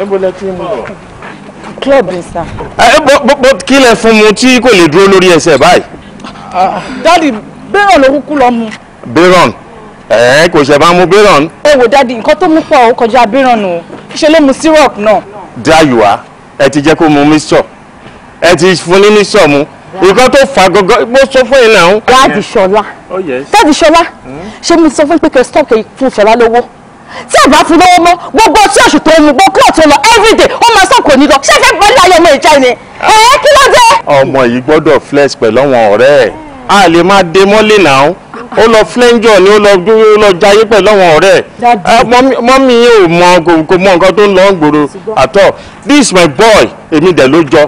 níbo lẹ ti ń mú lọ. club ni sá. ẹ bọ́ bọ́ kí lẹ fún mu tí kò lè dúró lórí ẹsẹ̀ báyìí. dádì bẹ́rọ̀ ló kúkú lọ mu. bẹ́rọ̀ ẹ kò ṣe bá mu bẹ́rọ̀. ẹ wò dádì nǹkan tó mú pọ̀ ó kọjá bẹ́rọ̀ nù ṣe ló mu syrup náà. dayuwa ẹ ti jẹ́ kó mu mixture ẹ ti fún ní mixture mu nǹkan tó fa gangan mo sọ fún yín náà. dádì ṣọlá oh, dádì ṣọlá hmm? ṣé mo sọ fún pé kẹ́ stop kẹ́ fún ṣọlá lówó tí àbá fún lọ́wọ́ mọ́ gbogbo tí ọ̀sùn tó ń mu gbogbo ọ̀tún lọ everyday ó máa sọ̀kò ní lọ ṣẹ́fẹ́ pẹ̀lú ayé ọmọ ìjà ni ah. ẹ̀ẹ́ kí ló dé. ọmọ yìí gbọ́dọ̀ flex pẹ̀lú àwọn ọ̀rẹ́ ẹ̀ a lè máa dé mọ́lẹ̀ náà ó lọ flenjọ ni ó lọ ó lọ jayé pẹ̀lú àwọn ọ̀rẹ́ ẹ̀ ah, mọ́mí ò mọ kò mọ nǹkan tó ń lọ gbòòrò àtọ̀ this is my boy èmi dẹ̀ ló jọ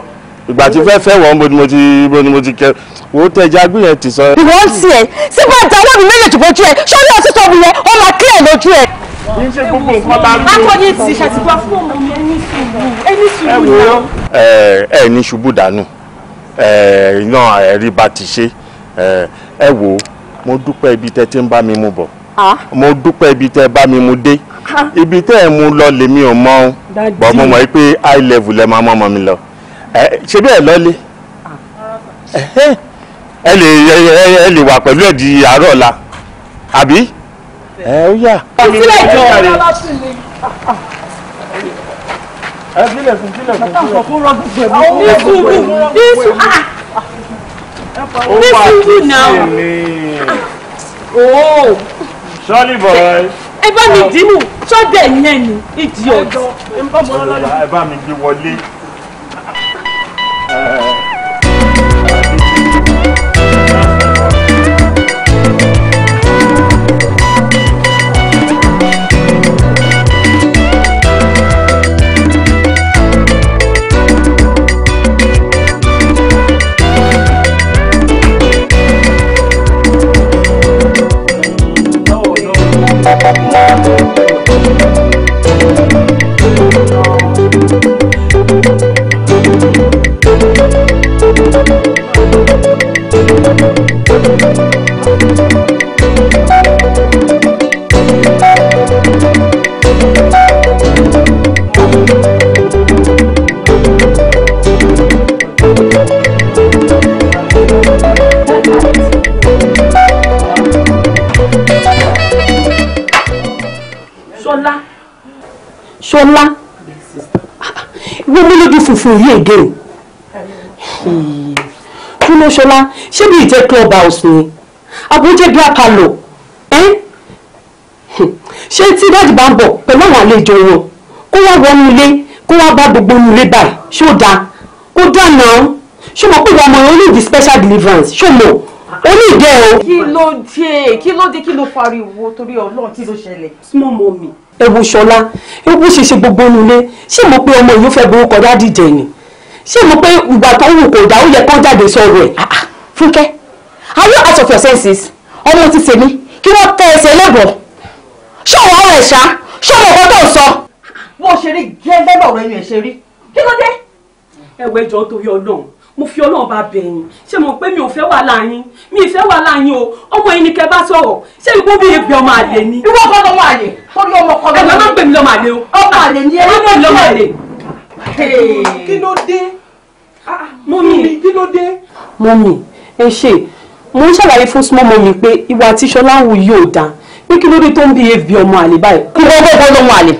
ìgbà tí fẹ́ fẹ́ wọ́n mo ti mo ti kẹ wo tẹja gbìyànjú ti sọ. ìwọ ń tiẹ̀ sípò àtàwọn mi méjèèjì bójú ẹ sọ́ni ọ̀sítọ́ mi yẹn ó máa kílẹ̀ lójú ẹ kì í ṣe gbogbo nǹkan la rí. akọni ti ṣàtìgbà fún ọmọ mi ẹni ṣubú ẹni ṣubú náà. ẹ ẹ ní ṣubú dànù ẹ náà ẹ̀rí bá ti ṣe ẹ wò ó mo dúpẹ́ ibi tẹ́ ti ń bá mi mu bọ̀ mo dúpẹ́ ibi tẹ́ bá mi mu dé ibi tẹ́ ẹ̀ mú lọ lèmi ò mọ ọ́n bọ̀ mo mọ̀ pé high level lẹ máa mọ́ ọmọ mi lọ ṣé bẹ́ẹ̀ lọ́lé ẹ lè wà pẹ̀lú ẹ̀ di àárọ̀ ọ̀la àbí ẹ ó yà. sílẹ̀ jọ ọ̀rẹ́ ẹ sílẹ̀ fún sílẹ̀ fún sílẹ̀ fún rọ́ọ̀bù pẹ̀lú àwọn onísùúrù onísùúrù náà ooo. sọ́ọ́lì bọ̀rọ̀ ẹ. ẹ bá mi dínú sọ́dẹ̀ yẹn ni idiot. ẹ bá mi gbé wọlé. fún ilé èdè o kúnlóṣọlá ṣé bí ìjẹ́ club house ni àbújẹ́ black palo ṣé tí dájú bá ń bọ̀ pẹ̀lú àwọn àlejò wọn kó wá wọnú ilé kó wá bá gbogbo inú ilé báyìí ṣó dáa kó dáa náà ṣó mọ̀ pé ọmọ yẹn ó ní ìdí special deliverance ṣó mọ̀ ó ní ìdẹ́ o. kí ló dé kí ló dé kí ló pariwo torí ọlọ́run kí ló ṣẹlẹ̀. small mommy ẹ wo ṣọlá ẹ gbogbo inú ṣé mo pé ọmọ yìí fẹ́ borúkọ dádìjẹ ni ṣé mo pé ìgbà tó wù kò dá ó yẹ kó jáde sọ̀rọ̀ ẹ̀. Ah, ah, fúnkẹ́ are you out of your senses ọmọ ti tèmi kí wọ́n tẹ ẹsẹ̀ lẹ́bọ̀ọ́ ṣọ̀wọ́ ọ̀rọ̀ ẹ̀ ṣá ṣọ̀wọ́ ọkọ tó sọ. bó ṣe rí gẹ́gẹ́ lọ́rọ̀ ẹ̀yìn ẹ̀ ṣe rí kí ló dé. ẹ̀wẹ̀ jọ torí ọlọ́run mo fi ọlọ́run bá bẹ̀ yín ṣé mo pé mi ò fẹ́ wàhálà yín mi ì fẹ́ wàhálà yín o ọmọ yín ni kẹ bá sọ̀rọ̀ ṣé ikú bí ebi ọmọ àlè ni. ìwọ kọ́ lọ́mọ àlè kó ní ọmọ kọ́ lọ́mọ. ẹ̀gbọ́n máa ń pè mí lọ́mọ àlè o. ọmọ àlè ni ẹ máa ń pè mí lọ́mọ àlè. kí ló dé? Ah, ah, mọ́mì kí ló dé? mọ́mì ẹ ṣe mo ń ṣàlàyé fún súnmọ́ mọ́mì pé ìwà àti ṣọlá wù yóò dáa pé kí ló dé tó ń bí ebi ọmọ àlè báyìí. ìwọ gbogbo lọmọ àlè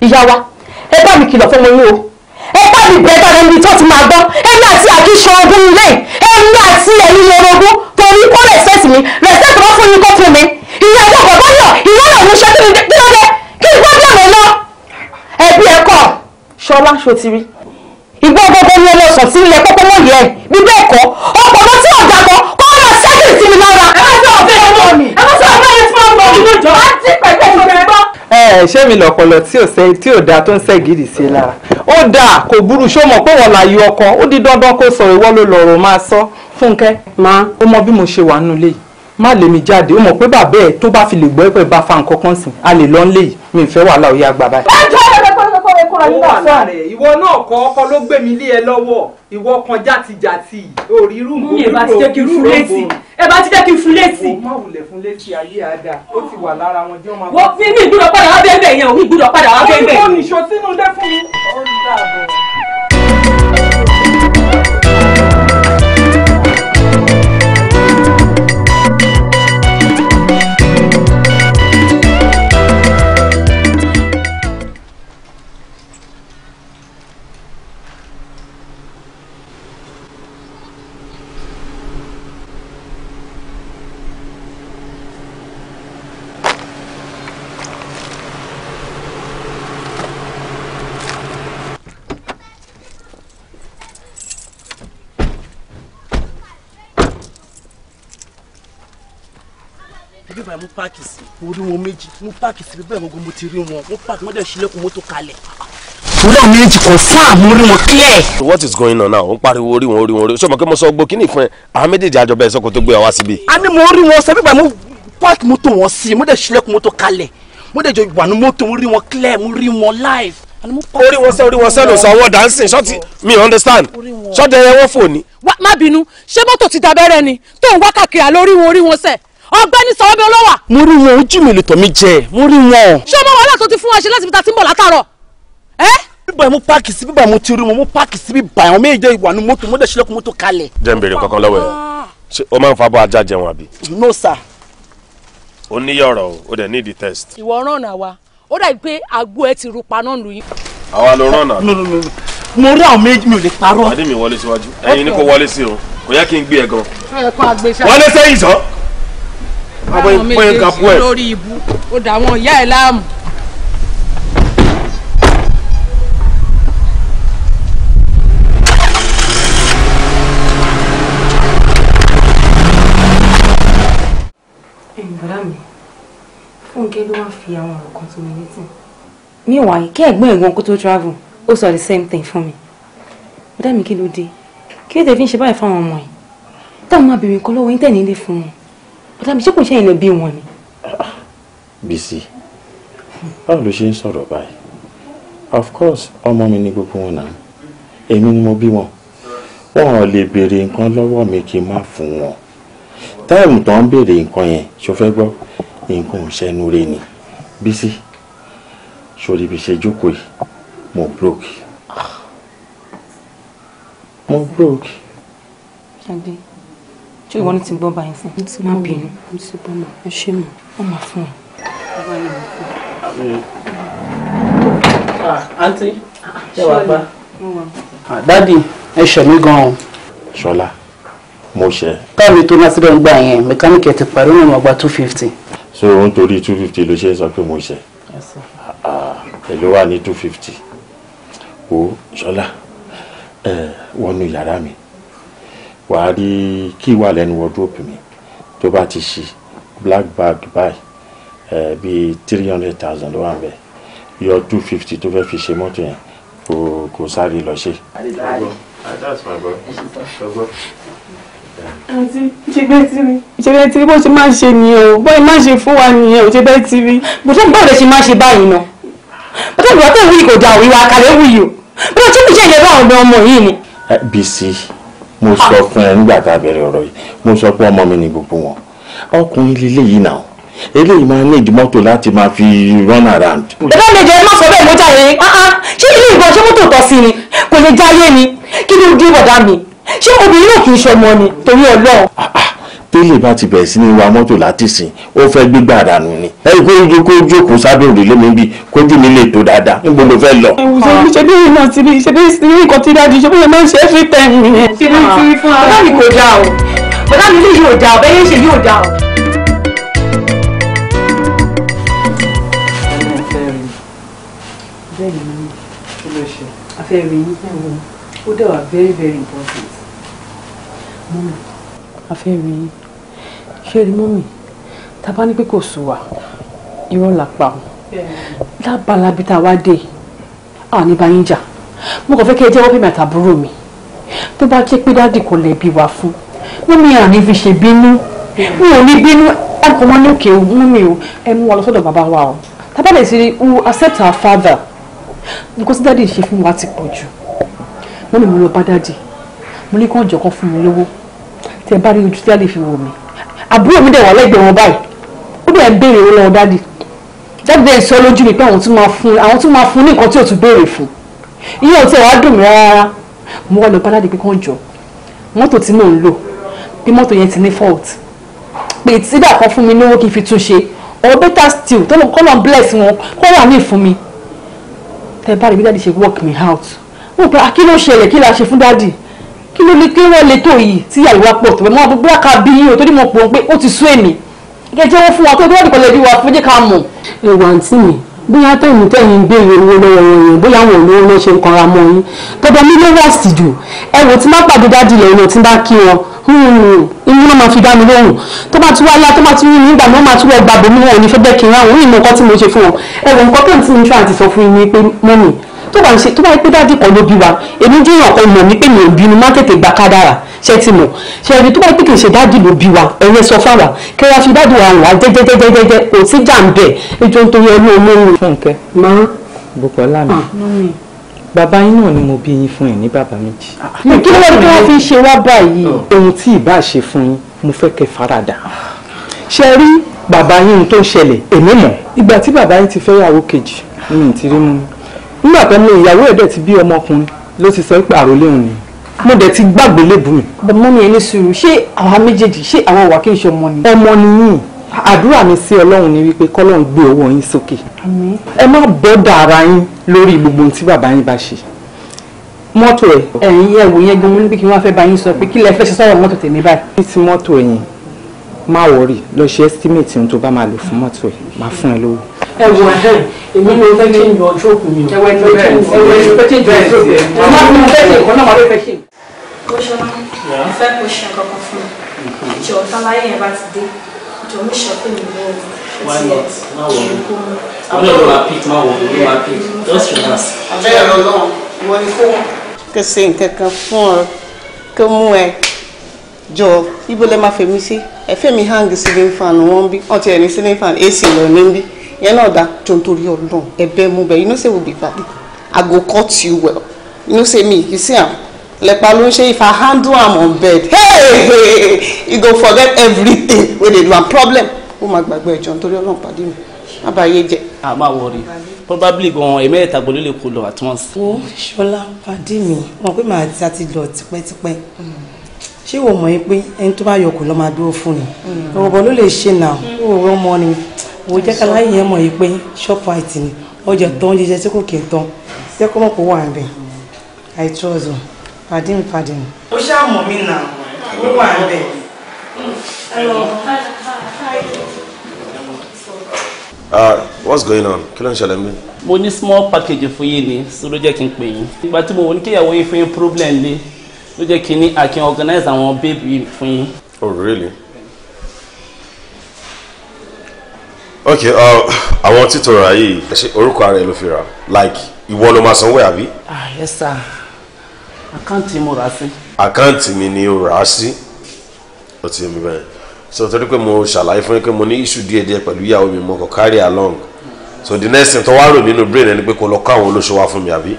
fúnkẹ́ ọmọ mi kìlọ̀ fún mi yín ẹ bá mi bẹ̀rẹ̀ níbi tó ti máa gbọ́ èmi àti àkíṣe ogun ilé èmi àti ẹ̀yìn orogún torí kó respect mi respect wọn fún yín kó fún mi ìyá ẹjọ́ bàbá yọ ìyá ọ̀rọ̀ mi ṣe kí ni lóde kí n gbọ́dọ̀ mi lọ. ẹbí ẹ kọ ṣọlá ṣòtiri ìgbọ́ gbogbo ni ẹlẹ́sàn tí ilẹ̀ pọ́pọ́ mọ̀ yẹ bí bẹ́ẹ̀ kọ́ ọpọlọ tí ọ̀gá kan kọ́ ọ̀rọ̀ sẹ́kì sí mi lára. ẹ má sọ ọ̀fẹ́ ọmọ mi ẹ má sọ ọ̀fẹ́ yẹn fún ọmọ mi. Eh, ṣé mi lọpọlọ tí ò tí ò dáa tó ń ṣẹ́gìrì sí lára ó dáa kò burú ṣó mọ̀ pé wọ́n la yọ ọkọ ó di dandan kó sọ ìwọ ló lọ́rọ̀ máa sọ fúnkẹ́ máa ó mọ bí mo ṣe wà nínú ilé yìí má lè mi jáde ó mọ̀ pé bàbá ẹ̀ tó bá fi lè gbọ́ pé bá fa nǹkan kan sìn a lè lọ nílé yìí mi ì wàhálà ó yá gbà báyìí sáré kóra yín náà sọ. ìwọ náà kọ ọkọ ló gbé mi lé ẹ lọ́wọ́ ìwọ kan játijàti orí irú nǹkan irú òkú òkú ẹ bá ti jẹ́ kí n fún létí. o má wulẹ̀ fún létí ayé àdá ó ti wà lára wọn jẹ́ ọmọ. wọ́n fi mí ìgbúdọ̀ padà wá bẹ́ẹ̀ bẹ́ẹ̀ yẹn ò mí padà wá bẹ́ẹ̀ bẹ́ẹ̀. ó ní kò sínú dẹ́kun ó ń dàbọ̀. páàkì sí mo rí wọn méjì mo páàkì sí bẹ́ẹ̀ gbogbo mo ti rí wọn mo páàkì mo dẹ̀ ṣílẹ̀kùn mọ́tò kalẹ̀. Ìwúrọ̀ méjì kò fún àmú rí wọn clear. What is going on now? Ó ń pariwo orí wọn orí wọn orí. Ṣé o mọ̀ pé mo sọ gbó kíní fún ẹ? Àwọn méjèèjì àjọba ẹ̀ sọ́kò tó gbé wa síbi. A ní mo rí wọn sọ nígbà mo páàkì mọ́tò wọn sí mo dẹ̀ ṣílẹ̀kùn mọ́tò kalẹ̀ mo dẹ̀ jọ ìwà ní mọ́tò mo rí wọn clear mo rí wọn live orí wọn sẹ orí wọn sẹ ló sọ ọwọ dancing ṣọtì mi understand ṣọdẹ ẹwọ fò ní. má bínú ṣé mọ́tò ti dabẹ́rẹ́ ni tó ń wá kàkiri lórí wọn orí wọn sẹ ọ̀gbẹ́ni sọ̀rọ̀ bí olówà. mo rí wọn ojú mi lètò mi jẹ mo rí wọn. ṣé ọmọ wàhálà tó ti fún wa ṣe láti fi ta sí ń bọ̀ látàárọ̀. bíbá mo páàkì sí bíbá mo ti rí wọn mo páàkì sí bíbá àwọn méje ìwà nu mọ́tò mo dẹ̀ ṣílẹ̀kùn mọ́tò kalẹ̀. jẹ́ n bèrè kankan lọ́wọ́ ẹ̀ ṣé o máa ń fa bọ́ ajá jẹun àbí. no sir. o ní yọ̀rọ̀ o dẹ̀ need the test. ìwọ rànà wa ó dàbí pé àgbo ẹ ti rupa náà lóyún. àwa ló rànà. mo rí àwọn méjì mi ò lè parọ́. adé mi wọlé síwájú ẹ̀yin ni kò wọlé sí o kò yẹ kí n gbé ẹ gan. wọlé sẹ́yìn sọ àwọn méjèèjì lórí ibu ó dà wọn ìyá ẹ̀ láàmú. bàdá mi fúnkẹ́ ló wá fi àwọn ọ̀rọ̀ kan tó mi létí. meanwhile kí ẹ̀gbọ́n ẹ̀gbọ́n kó tó travel ó sọ the same thing fún mi bàdá mi kí ló dé kí ló dé fi ń ṣe báyìí fáwọn ọmọ yìí táwọn máa bèrè nǹkan lọ́wọ́ yín tẹ̀ nílé fún wọn bọ́dà mi ṣé kò ṣẹ́yìn lẹ bí wọn ni. Bísí báwo ló ṣe ń sọ̀rọ̀ báyìí of course ọmọ mi ni gbogbo wọn náà èmi ni mo bí wọn wọn ò lè béèrè nǹkan lọ́wọ́ mi kí n má fún wọn táìmù tó ń béèrè nǹkan yẹn ṣo fẹ́ gbọ́ nǹkan ò rẹ ni Bísí sórí ibi ṣe jókòó yìí mo broke ah. mo broke ṣé ìwọ ni ti gbọ́ báyìí fún má bínú mo ti gbọ́ mà ẹ ṣe mọ̀ ó mà fún ẹ. àǹtí ṣé wàá bá dádì ẹ ṣẹ̀ mí gan-an. ṣọlá mo ṣe. káàmì tó ná síbẹ̀ ń gbà yẹn mẹkáníìkì ẹ̀ ti parí ní ìwọ̀n gba two fifty. so nítorí two fifty ló ṣe é sọ pé mo ṣe èló wà ní two fifty wo ṣọlá wọnú yàrá mi wà á rí kí wà lẹ́nu wọ́dúrópù mi tó bá ti ṣí black bag báyìí bíi three hundred thousand ló wà ń bẹ̀ yọ two fifty tó fẹ́ fi ṣe mọ́tò yẹn kò kò sáré lọ ṣe. àǹtí ṣẹgbẹ́ tiri bó ṣe máa ṣe nìyẹn o bóyá máa ṣe fún wa nìyẹn o ṣẹgbẹ́ tiri. bùtọ́ báwo lè ṣe máa ṣe báyìí náà bùtọ́ bùtọ́ tó wí kò dà òwìwà kàlẹ́ wù yìí o bùtọ́ tó ń ṣe ìyẹn bá ọmọ yìí ni. Bísí mo sọ fún ẹ nígbà tá a bẹ̀rẹ̀ ọ̀rọ̀ yìí mo sọ pé ọmọ mi ni gbogbo wọn ọkùnrin lílé yìí náà eléyìí máa ń ní ìdímọ́tò láti máa fi run around. bẹ́ẹ̀ lè jẹ́ ẹ má sọ bẹ́ẹ̀ mo jáde ah, ah. ṣé ilé ìbọn ṣé mọ́tò tọ́ sí ni kò lè jáyé ni kí ló dé bọ̀dá mi ṣé obìnrin náà kì í ṣọmọ ni torí Ọlọ́run. Ah, tẹ́lẹ̀ bá ti bẹ̀rẹ̀ sí ní wa mọ́tò láti sìn ó fẹ́ gbígbà dànù ni ẹ̀yìn kó ojú kó jókòó sábẹ́ òrùlé mi bí kójú mi lè tó dáadáa níbo ló fẹ́ lọ. ṣe bí iná ti bí ṣe bí nǹkan ti dájú ṣe bí iná ṣe é fi tẹ̀ mí. ṣe bí ti fún ọ bọ́dá mi kò dáa o bọ́dá mi lè yóò dáa o bẹ́ẹ̀ ṣe yóò dáa o. bẹ́ẹ̀ni mi kí ló ṣe afẹ́rẹ́ yín ẹ̀wọ̀n ó yín ṣé rí mọ́mì tá a bá ní pé kò sùn wá irọ́ là pa ọ́ lábala bí tá wá dé à ní yín jà mo kàn fẹ́ kí ẹ jẹ́wọ́ pé mi àtàbúrò mi tó bá jẹ́ pé dáàdì kò lẹ̀bi wá fún mọ́mì àní fi ṣe bínú mi ò ní bínú ọkọ̀ wọn lókè mọ́mì o ẹ mú wa lọ sọ́dọ̀ bàbá wa o tá a bá lè ṣe who accept our father because dáàdì ṣe fún wa ti pọ̀ jù mọ́mì mo lọ bá dáàdì mo ní kí wọ́n jọ̀kọ́ fún mi lówó tẹ bá rí ojú tí a lè fi wò mí àbúrò mi dẹ̀ wà lẹ́gbẹ̀ẹ́ wọn báyìí ó dẹ̀ béèrè owó lọ́wọ́ dádì dádì dẹ̀ sọ lójú mi pé àwọn tún máa fún àwọn tún máa fún ní nǹkan tí ò tún béèrè fún iye òtí ẹ̀ wá dùn mí rárá mo wá lọ bá dádì pé kàn jọ mọ́tò tí mò ń lò pé mọ́tò yẹn ti ní fault pé tídà kan fún mi lówó kí n fi tún ṣe or better still tó lọ kọ́nà bless wọn kọ́ wà ní ìfún mi tẹ bá rí bí dádì ṣe work me out mo pe akí ah, ló ṣẹlẹ̀ kí la ṣe fún dádì kí ló lè pé wọ́n lè tó yìí tí ìyá ìwà pọ̀ tó bẹ́ẹ̀ mọ́ gbogbo àká bí yín o tó ní mo pò ń pé ó ti sú èmi kẹ́ jẹ́ wọ́n fún wa tó dúró nìkan lè rí wa fún jẹ́ ká mọ̀. ẹwà àǹtí mi bóyá tẹ̀yìn tẹ̀yìn béèrè owó lọ́wọ́ wọn yẹn bóyá àwọn olówó ló ṣe ń kanra mọ́ yín tọ́jọ́ mi ló wọ́ọ̀sì tì jù ẹ wò tí má pàdé dájú ilẹ̀ yẹn tí bá kí wọn inú náà máa fi dá mi lóhùn tó bá ti wá yá tó bá ti rí mi nígbà náà máa tún wọ gbàgbé mi wọn ò ní fẹ́ bẹ́ẹ̀ kí n ráhùn ní ìmọ̀ nǹkan tí mo ṣe fún wọn ẹ wò nǹkan tó ń tí mi ṣáà ti sọ fún yín pé mọ́mì tó bá ń ṣe tó bá yẹ pé dáàdì kan ló bí wa èmi jẹ́ èèyàn kan mọ̀ mí pé mi ò bínú má tètè gbà kádàrà ṣe ti mọ̀ ṣe ẹni tó bá yẹ pé kì í ṣe dáàdì ló bí wa ẹ̀yẹ sọ fáwa kí wá fi dáàdì wa wà jẹ́jẹ́jẹ́jẹ́jẹ́ kò sí jà ń bẹ̀ ẹjọ́ tó yẹ ní omi ni. Fúnkẹ́ má Bùkọ́lá mi ah, bàbá yín náà ni mo bí yín fún yín ní bàbá méjì. Ah, ah, kí ló wọ́n fi wá fi ṣe wá báyìí. Oh. ohun tí ì bá bàbá yín tó ń ṣẹlẹ̀ èmi mọ̀ ìgbà tí bàbá yín ti fẹ́ yàwó kejì mi ì ti rí mú mi nígbà tó ní ìyàwó ẹ̀ dẹ̀ ti bí ọmọkùnrin ló ti sọ pé àròlé òun ni mo dẹ̀ ti gbàgbé lébu mi. bàbá mi ẹni sùúrù ṣé àwa méjèèjì ṣé àwọn ìwà kì í ṣe ọmọ ni. ọmọ ni yín àdúrà mi sí ọlọ́run ni wípé kọ́lọ́run gbé owó yín sókè. ẹ má bọ́dà ara yín lórí gbogbo ohun tí bàbá yín bá ṣe mọ́tò ẹ̀. ẹ̀yin yẹ wò yẹn gan mo ní pé kí wọ́n fẹ́ bá yín sọ pé kí lẹ fẹ́ ṣe sọ̀rọ̀ mọ́tò tèmi báyìí. ní ti mọ́tò ẹ̀yìn má wọrí lọ ṣe estimate ohun tó bá máa lò fún mọ́tò ẹ̀ máa fún ẹ lówó ẹ wọ ẹhẹn èmi ni o fẹ́ kí n yọ ọjọ́ òkú mi o ẹ wọ ẹjọ bẹ́ẹ̀ ẹ wọ ẹjọ bẹ́ẹ̀ tí n jọ ẹjọ bẹ́ẹ̀ ẹ má fi fẹ́ ṣe ìkọ́nà màá ló fẹ́ ṣe. kóṣọlá mo fẹ́ kó ṣe nǹkan kan fún mi ìjọ ọ̀tàláyé yẹn bá ti dé ìjọ mi sọ pé mi why not má wọ i'm not gonna pick má wọ mi má pick just relax. abẹ́rẹ́ ọlọ́run ìwọ ni kó wọn. kò sí nǹkan kan fún ọ kó mú ẹ jọ ibo lẹ máa fèmí sí ẹ fẹmi hang ceiling fan wọn bí ọtí ẹni ceiling fan ac lọ ní bí yẹn náà dá jọ nítorí ọlọ́run ẹ̀bẹ̀ mo bẹ̀ you know say we be bad i go cut you well you know say me you see am lẹ́pa ló ń ṣe if i handle am on bed hey, hey, you go forget everything wey dey do am problem ó máa gbàgbé ẹ̀jọ̀ nítorí ọlọ́run pàdé mi má bàa yé jẹ. a ah, máa wọrí probably gan ẹ̀mí ẹ̀ta gbọ́dọ̀ lè kó lọ at once. ó ṣọlá pàdé mi wọn pé màá ti àti lọ tipẹ́tipẹ́. Hmm ṣé wò mọ̀ pé ẹni tó bá yọkù lọ́ máa dúró fún ni hmm. ọ̀rọ̀bọ̀ ló lè ṣe nà hmm. ó rọ ọmọ ni wò jẹ́ ká láyé yẹn mọ̀ pé Shoprite ni ọjà tán jíjẹ tí kò kì í tán jẹ́ kó mọ̀ pé wà níbẹ̀ I trust you pardon ó ṣáà mọ̀ mí nà ó wà níbẹ̀. Ah, what's going on? kí ló ń ṣẹlẹ̀ mi. mo ní small package fún yín ni sọ ló jẹ́ kí n pè yín. ìgbà tí mo wọ ní kíyàwó yín fún yín problem lé ló jẹ́ kí ní akin organize àwọn baby fún yín. oh really okay uh, àwọn títora yìí ṣe orúkọ ara ẹ ló fi rà like ìwọ ló máa sanwó àbí. ah yes sir àkáǹtì mo rà sí. àkáǹtì mi ni o rà á sí ó ti mi bẹ́ẹ̀ so torí pé mo ṣàlàyé fún yín pé mo ní issue díẹ̀ pẹ̀lú ìyàwó mi mo kàn carry along so the next thing tó wá rò nínú brain ẹni pé kó lọ kó àwọn olóṣèwà fún mi àbí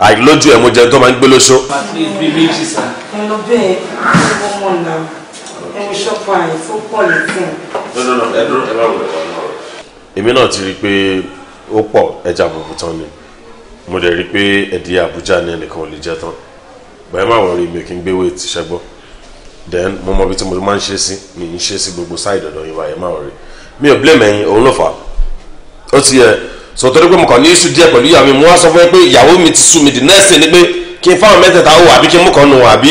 àìlójú ẹ̀ mo jẹun tó máa ń gbé lóṣó. ẹ lọ bẹ́ẹ̀ ẹ mọ̀ náà ẹ mú ṣọ́pù àyè tó pọ̀ lẹ́sìn. èmi náà ti rí i pé ó pọ̀ ẹja bùbù tán ni mo dẹ̀ rí i pé ẹ̀dí Àbújá ni ẹnìkan ò lè jẹ tán bẹ́ẹ̀ máa wọ̀n mi kí n gbé wéèt ṣẹ́gbọ́ then mo mọ ibi tí mo máa ń ṣe sí mi ń ṣe sí gbogbo sáìdì ọ̀dọ̀ yìí wáyé máa wọ̀n mi ò blame ẹ̀yin òun ló fà ó ti yẹ sọtọ́rí pé mo kàn ní iṣu díẹ̀ pẹ̀lú ìyàwó mi wá sọ fún ẹ pé ìyàwó mi ti sú mi di nẹ́ẹ̀sì ni pé kí n fáwọn mẹ́tẹ̀ẹ̀ta ó àbí kí n mú kan nù àbí.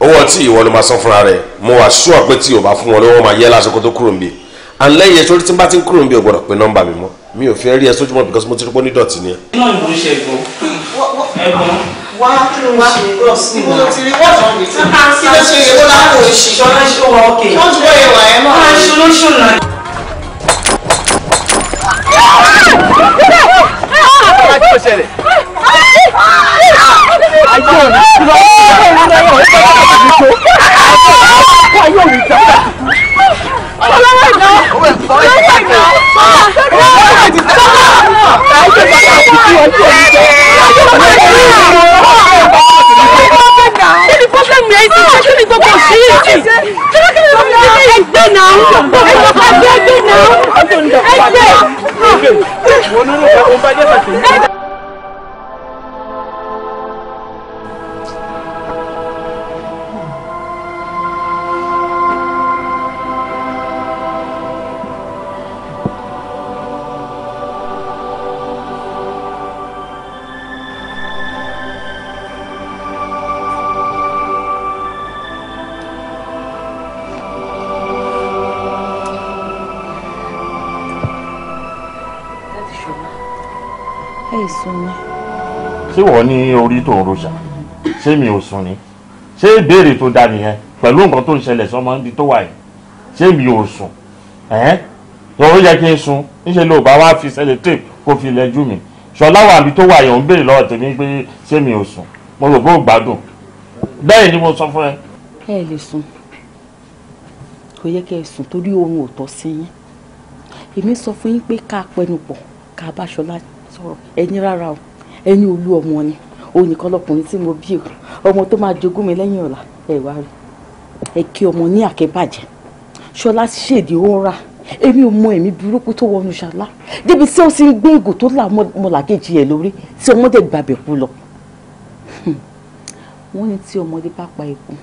owó ọtí ìwọ ló máa sọ fúnra rẹ mo wà ṣúà pé tí o bá fún wọn lọ́wọ́ máa yẹ lásìkò tó kúrò níbi and lẹ́yìn ẹ̀ṣọ́ tí n bá ti ń kúrò níbi ò gbọ́dọ̀ pé nọ́mbà mi mọ́ mi ò fẹ́ rí ẹ sójúmọ́ because mo ti rí pé onídọ̀tí ni. iná ìbò ń ṣe ẹ̀gbọ́n ẹ̀gbọ́n wá kí ló wá ìbò ló ti rí wọ́ọ̀tọ̀ mi kí ló ṣe ìwọ́lá kò ṣì. ṣọlá ṣó wa ókè. wọ́n ti wọ́ ìwà ẹ̀ náà. wọ́n á ṣolóṣùnà kí ni gbogbo òṣèlú yìí kí ló ẹgbẹ́ náà ẹgbẹ́ ẹgbẹ́ náà ẹgbẹ́. ṣé wọ́n ní orí tó ń roṣà ṣé mi ò sùn ni ṣé ìbéèrè tó da nìyẹn pẹ̀lú nǹkan tó ń ṣẹlẹ̀ sọmọ níbi tó wà yìí ṣé mi ò sùn ẹ̀ẹ́n lọ́wọ́ yẹ kí n sun níṣẹ́ ló bá wá fi ṣẹlẹ̀ tape kó fi lẹ́jú mi ṣọlá wà níbi tó wà yìí ò ń béèrè lọ́wọ́ tèmi pé ṣé mi ò sùn mo rò bó gbádùn bẹ́ẹ̀ ni mo sọ fún ẹ. ẹ lè sùn kò yẹ kẹ́ ẹ sùn torí oorun ò tọ́ sí yín èmi sọ fún yín pé ká pẹnupọ̀ ká bá ṣọlá sọ̀rọ̀ ẹni rárá o ẹni olú ọmọ ni òun nìkan lọkùnrin tí mo bí o ọmọ tó máa jogún mi lẹ́yìn ọ̀la ẹ wá rí ẹ kí ọmọ ní àkẹ́bàjẹ́ ṣọlá ṣèdí ó ń ra èmi ò mọ ẹ̀mí burúkú tó wọnú ṣàlá débi tí ó sì ń gbé ìgò tó là mọ́làkejì ẹ̀ lórí tí ọmọdé gbàbẹ̀ kú lọ. Hmm. wọ́n ní tí ọmọdé bá pa ẹkùn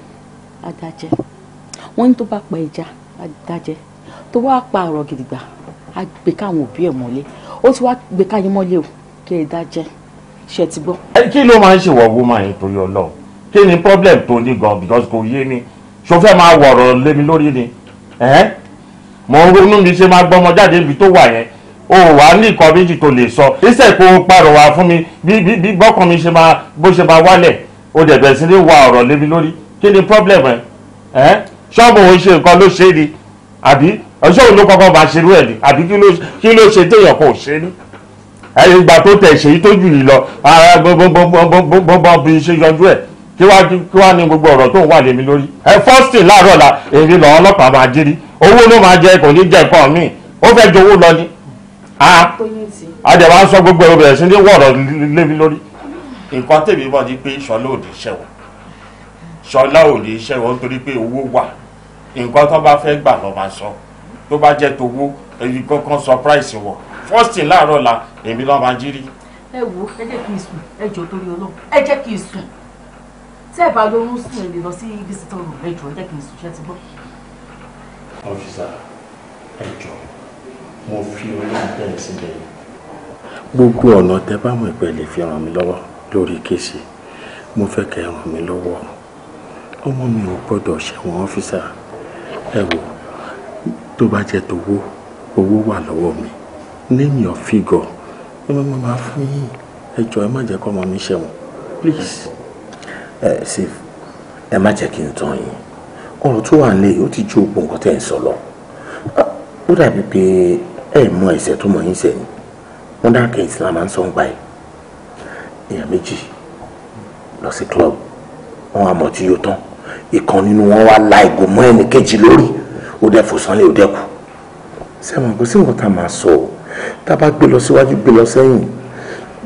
adájẹ́ wọ́n ní tó bá pa ẹja adájẹ́ tó wá pa àrọ̀ gidigba á gbé òbí ẹ̀ mọ́lé ó ti wá gbé káyé mọ́lé o kí ẹ dájẹ́ ṣe ti gbọ́. kí ló máa ń ṣèwọ woman yìí torí Ọlọ́run kí ni problem tó ní gan because kò yé mi ṣo fẹ́ máa wọ̀rọ̀ lé mi lórí ni mo ń ronú mi ṣe máa gbọ́mọ jáde ibi tó wà yẹn o wà ní nǹkan méjì tó lè sọ iṣẹ́ kó pàrọwà fún mi bí bọ́kàn mi ṣe máa bó ṣe máa wálẹ̀ o dẹ̀ bẹ̀rẹ̀ sí ní wa ọ̀rọ̀ lé mi lórí kí ni problem ẹ̀ ṣọ́ọ̀bù òun ṣe nǹkan ló ṣe ni àbí ọṣọ́ òun ló kọ́kọ́ bá ṣerú ẹ̀ ni àbí kí ló ṣe téèyàn kò ṣe ni ẹ̀yìn ìgbà tó tẹ̀ ṣèyí tó jù yìí lọ ara gbọ́ngbọ́ngbọ́ngbọ́ngbọ́n bí ṣe yanjú ẹ̀ kí wá kí wá ní gbogbo ọ̀rọ̀ tó ń wà lémi lórí. ẹ fọ́sítì láàárọ̀ la èrè lọ́wọ́ ọlọ́pàá máa jírí owó ló máa jẹ kò ní jẹ nǹkan míì ó fẹ́ jẹ owó lọ ni. àjẹbá ń sọ gbogbo ẹ̀rọ bẹ̀rẹ̀ sí ní wọ̀rọ̀ lémi lórí. nǹkan tèmi mọ̀ ni pé ṣọlá ò lè ṣẹ̀wọ̀n ṣọlá ò lè ṣẹ̀wọ̀n nítorí pé owó wà nǹkan tó bá fẹ́ gbà lọ́ máa sọ tó bá jẹ́ towó èyí kankan surprise wọ̀ first thing láàárọ̀ la èmi lọ́ọ́ máa ń jírí. ẹ wo ẹ jẹ́ kí n sùn ẹ jọ torí ọlọ́run ẹ jẹ́ kí n sùn tẹ́ ẹ bá lóorun sùn ẹ lè lọ sí visitor room ẹ jọ ẹ jẹ́ kí n sùn ṣe ti gbọ́. ọfíìsà ẹ jọ mo fi olóhùn bẹ́ẹ̀ sílẹ̀ gbogbo ọ̀nà tẹ bá mọ̀ ìpẹ́ lè fi ràn mí lọ́wọ́ lórí kéṣe mo fẹ́ kẹ́ ràn mí lọ́wọ́ ọmọ mi ò gbọ́dọ̀ ṣẹ̀wọ̀n ọ́fíìsà ẹ wò tó bá jẹ́ tówó owó wà lọ́wọ́ mi name your figure ẹ máa máa fún yín ẹ jọ ẹ má jẹ́ kọ́ ọmọ mi ṣẹ̀wọ̀n please. ẹ ṣe ẹ má jẹ́ kí n tán yín ọ̀rọ̀ tó wà nílé ó ti ju gbogbo nǹkan tẹ́ ẹ̀ ń sọ lọ ó dàbí pé ẹ mọ ẹ̀ṣẹ̀ tó mọ yín ṣẹ̀ ni wọ́n dákẹ́ ìsìlámù à ń sọ ń gbà ẹ̀ èèyàn méjì lọ sí club wọn àmọ̀ tí yóò tán ìkan nínú wọn wá la ìgò mọ́ ẹnì kejì lórí ó dẹ́ fòsánlé ó dẹ́kù sẹ́wọ̀n kò sí nǹkan tá a máa sọ ọ́ tá a bá gbé lọ síwájú gbé lọ sẹ́yìn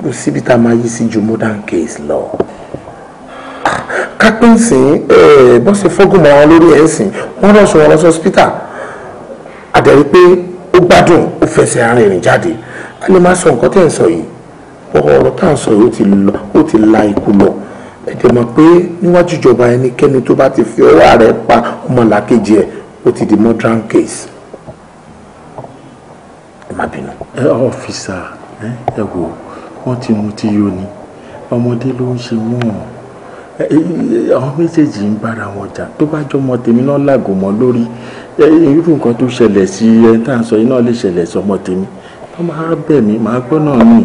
kò síbi tá a máa yí sí ju modern case lọ. kápẹ́ǹsìn bọ́sẹ̀ fọ́gùnmọ́ wọn lórí ẹ̀sìn wọ́n rọ̀ sọ wọn lọ sọ́sítà àdẹ̀rí pé ó gbádùn ó fẹsẹ̀ arìnrìn jáde a lè má sọ nǹkan tẹ̀ ń sọ yìí ọ̀rọ̀ tá à ń sọ yìí ó ti la ikú lọ ẹ̀jẹ̀ mọ̀ pé níwájú ìjọba ẹnikẹ́ni tó bá ti fi ọwọ́ rẹ̀ pa ọmọlàkejì ẹ̀ ó ti di modern case ẹ má bínú ọ́fíìsà ẹ wò wọ́n ti mutí yó ni ọmọdé ló ń ṣe wọ́n àwọn méjèèjì ń bára wọn jà tó bá jọmọ tèmi náà làgò mọ́ lórí irú nǹkan tó ṣẹlẹ̀ sí ẹni tá à ń sọ yìí náà lè ṣẹlẹ̀ sọmọ tèmi wọ́n máa bẹ̀ mí màá gbọ́ náà ni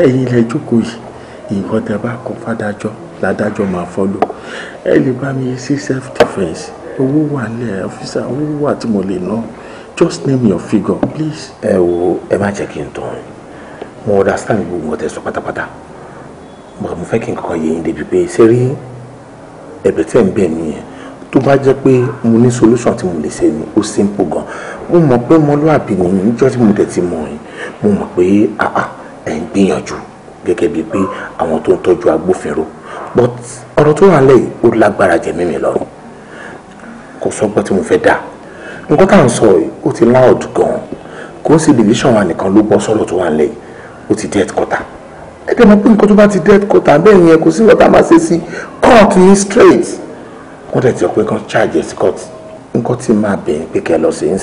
ẹ̀yin ilẹ̀ jókòó yìí nǹkan tẹ́ bá kọ fádájọ́ ládájọ́ máa fọ́lọ́ ẹ lè bá mi sí self defence owó wà nílẹ̀ ọ́fíìsà owó wà tí mo lè ná just name your figure please. ẹ wo ẹ má jẹ́ kí n tán mo understand gbogbo ọ̀tẹ̀ sọ pátápátá mo kàn mo fẹ́ kí n kankan yé yín débi pé ṣé rí ẹ̀bẹ̀ tẹ̀ ń bẹ̀ nìyẹn tó bá jẹ́ pé mo ní solution tí mo lè ṣe ni ó simple gan mo mọ̀ pé ọmọlúwàbí ni níjọ́ tí mo dẹ̀ ti mọ̀ yín mo mọ̀ pé ẹ̀ ń gbìyànjú gẹ́gẹ́ bíi pé àwọn tó ń tọ́jú agbófinró but ọ̀rọ̀ tó wà lẹ́yìn ó lágbára jẹ mímì lọ kò sọ́gbọ́n tí mo fẹ́ dáa nǹkan tá à ń sọ yìí ó ti loud gan kò division wa nìkan ló bọ́ sọ́rọ̀ tó wà ń ó ti dead quarter ẹ dẹ́ mọ̀ pé nǹkan tó bá ti dead quarter bẹ́ẹ̀ ni ẹ kò sí nǹkan máa ṣe sí court ní straight wọ́n dẹ̀ ti sọ pé kan charge ẹ̀ sí court nǹkan tí máa bẹ̀ pé kẹ́ ẹ lọ sí ń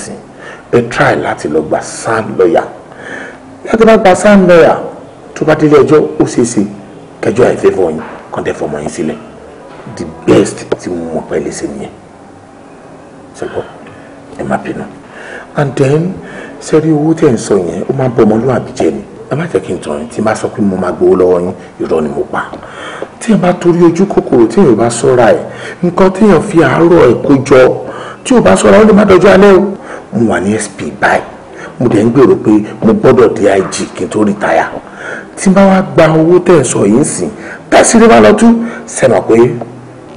ẹ try láti lọ gba sound lawyer láti bá gba sound lawyer tó bá délé ẹjọ́ ó ṣeé ṣe kẹjọ́ ẹ̀ fẹ́ fọ yín kàn tẹ́ fọmọ yín sílẹ̀ the best tí mo mọ̀ pẹ́ lè ṣe nìyẹn ṣe gbọ́ ẹ má bínú and then sẹ́rí owó tẹ̀ ń sọ yẹn ó máa ń bọ́ ọmọlúwàbí jẹ ni ẹ má jẹ́ kí n tàn yín tí n bá sọ pé mo máa gbowó lọ́wọ́ yín irọ́ ni mo pa tí ẹ bá torí ojú kòkòrò tí èèyàn bá sọ́ra ẹ̀ nǹkan tí èèyàn fi àárọ̀ ẹ̀ kó jọ tí ò bá sọ́ra ó lè má dọjọ́ alẹ́ o mo wà ní sp báyìí mo dẹ̀ ń gbèrò pé mo gbọ́dọ̀ dé ig kí n tó rìtáyà tí n bá wá gba owó tẹ̀ ń sọ yìí sìn tẹ́sí ló bá lọ tú sẹ́nà pé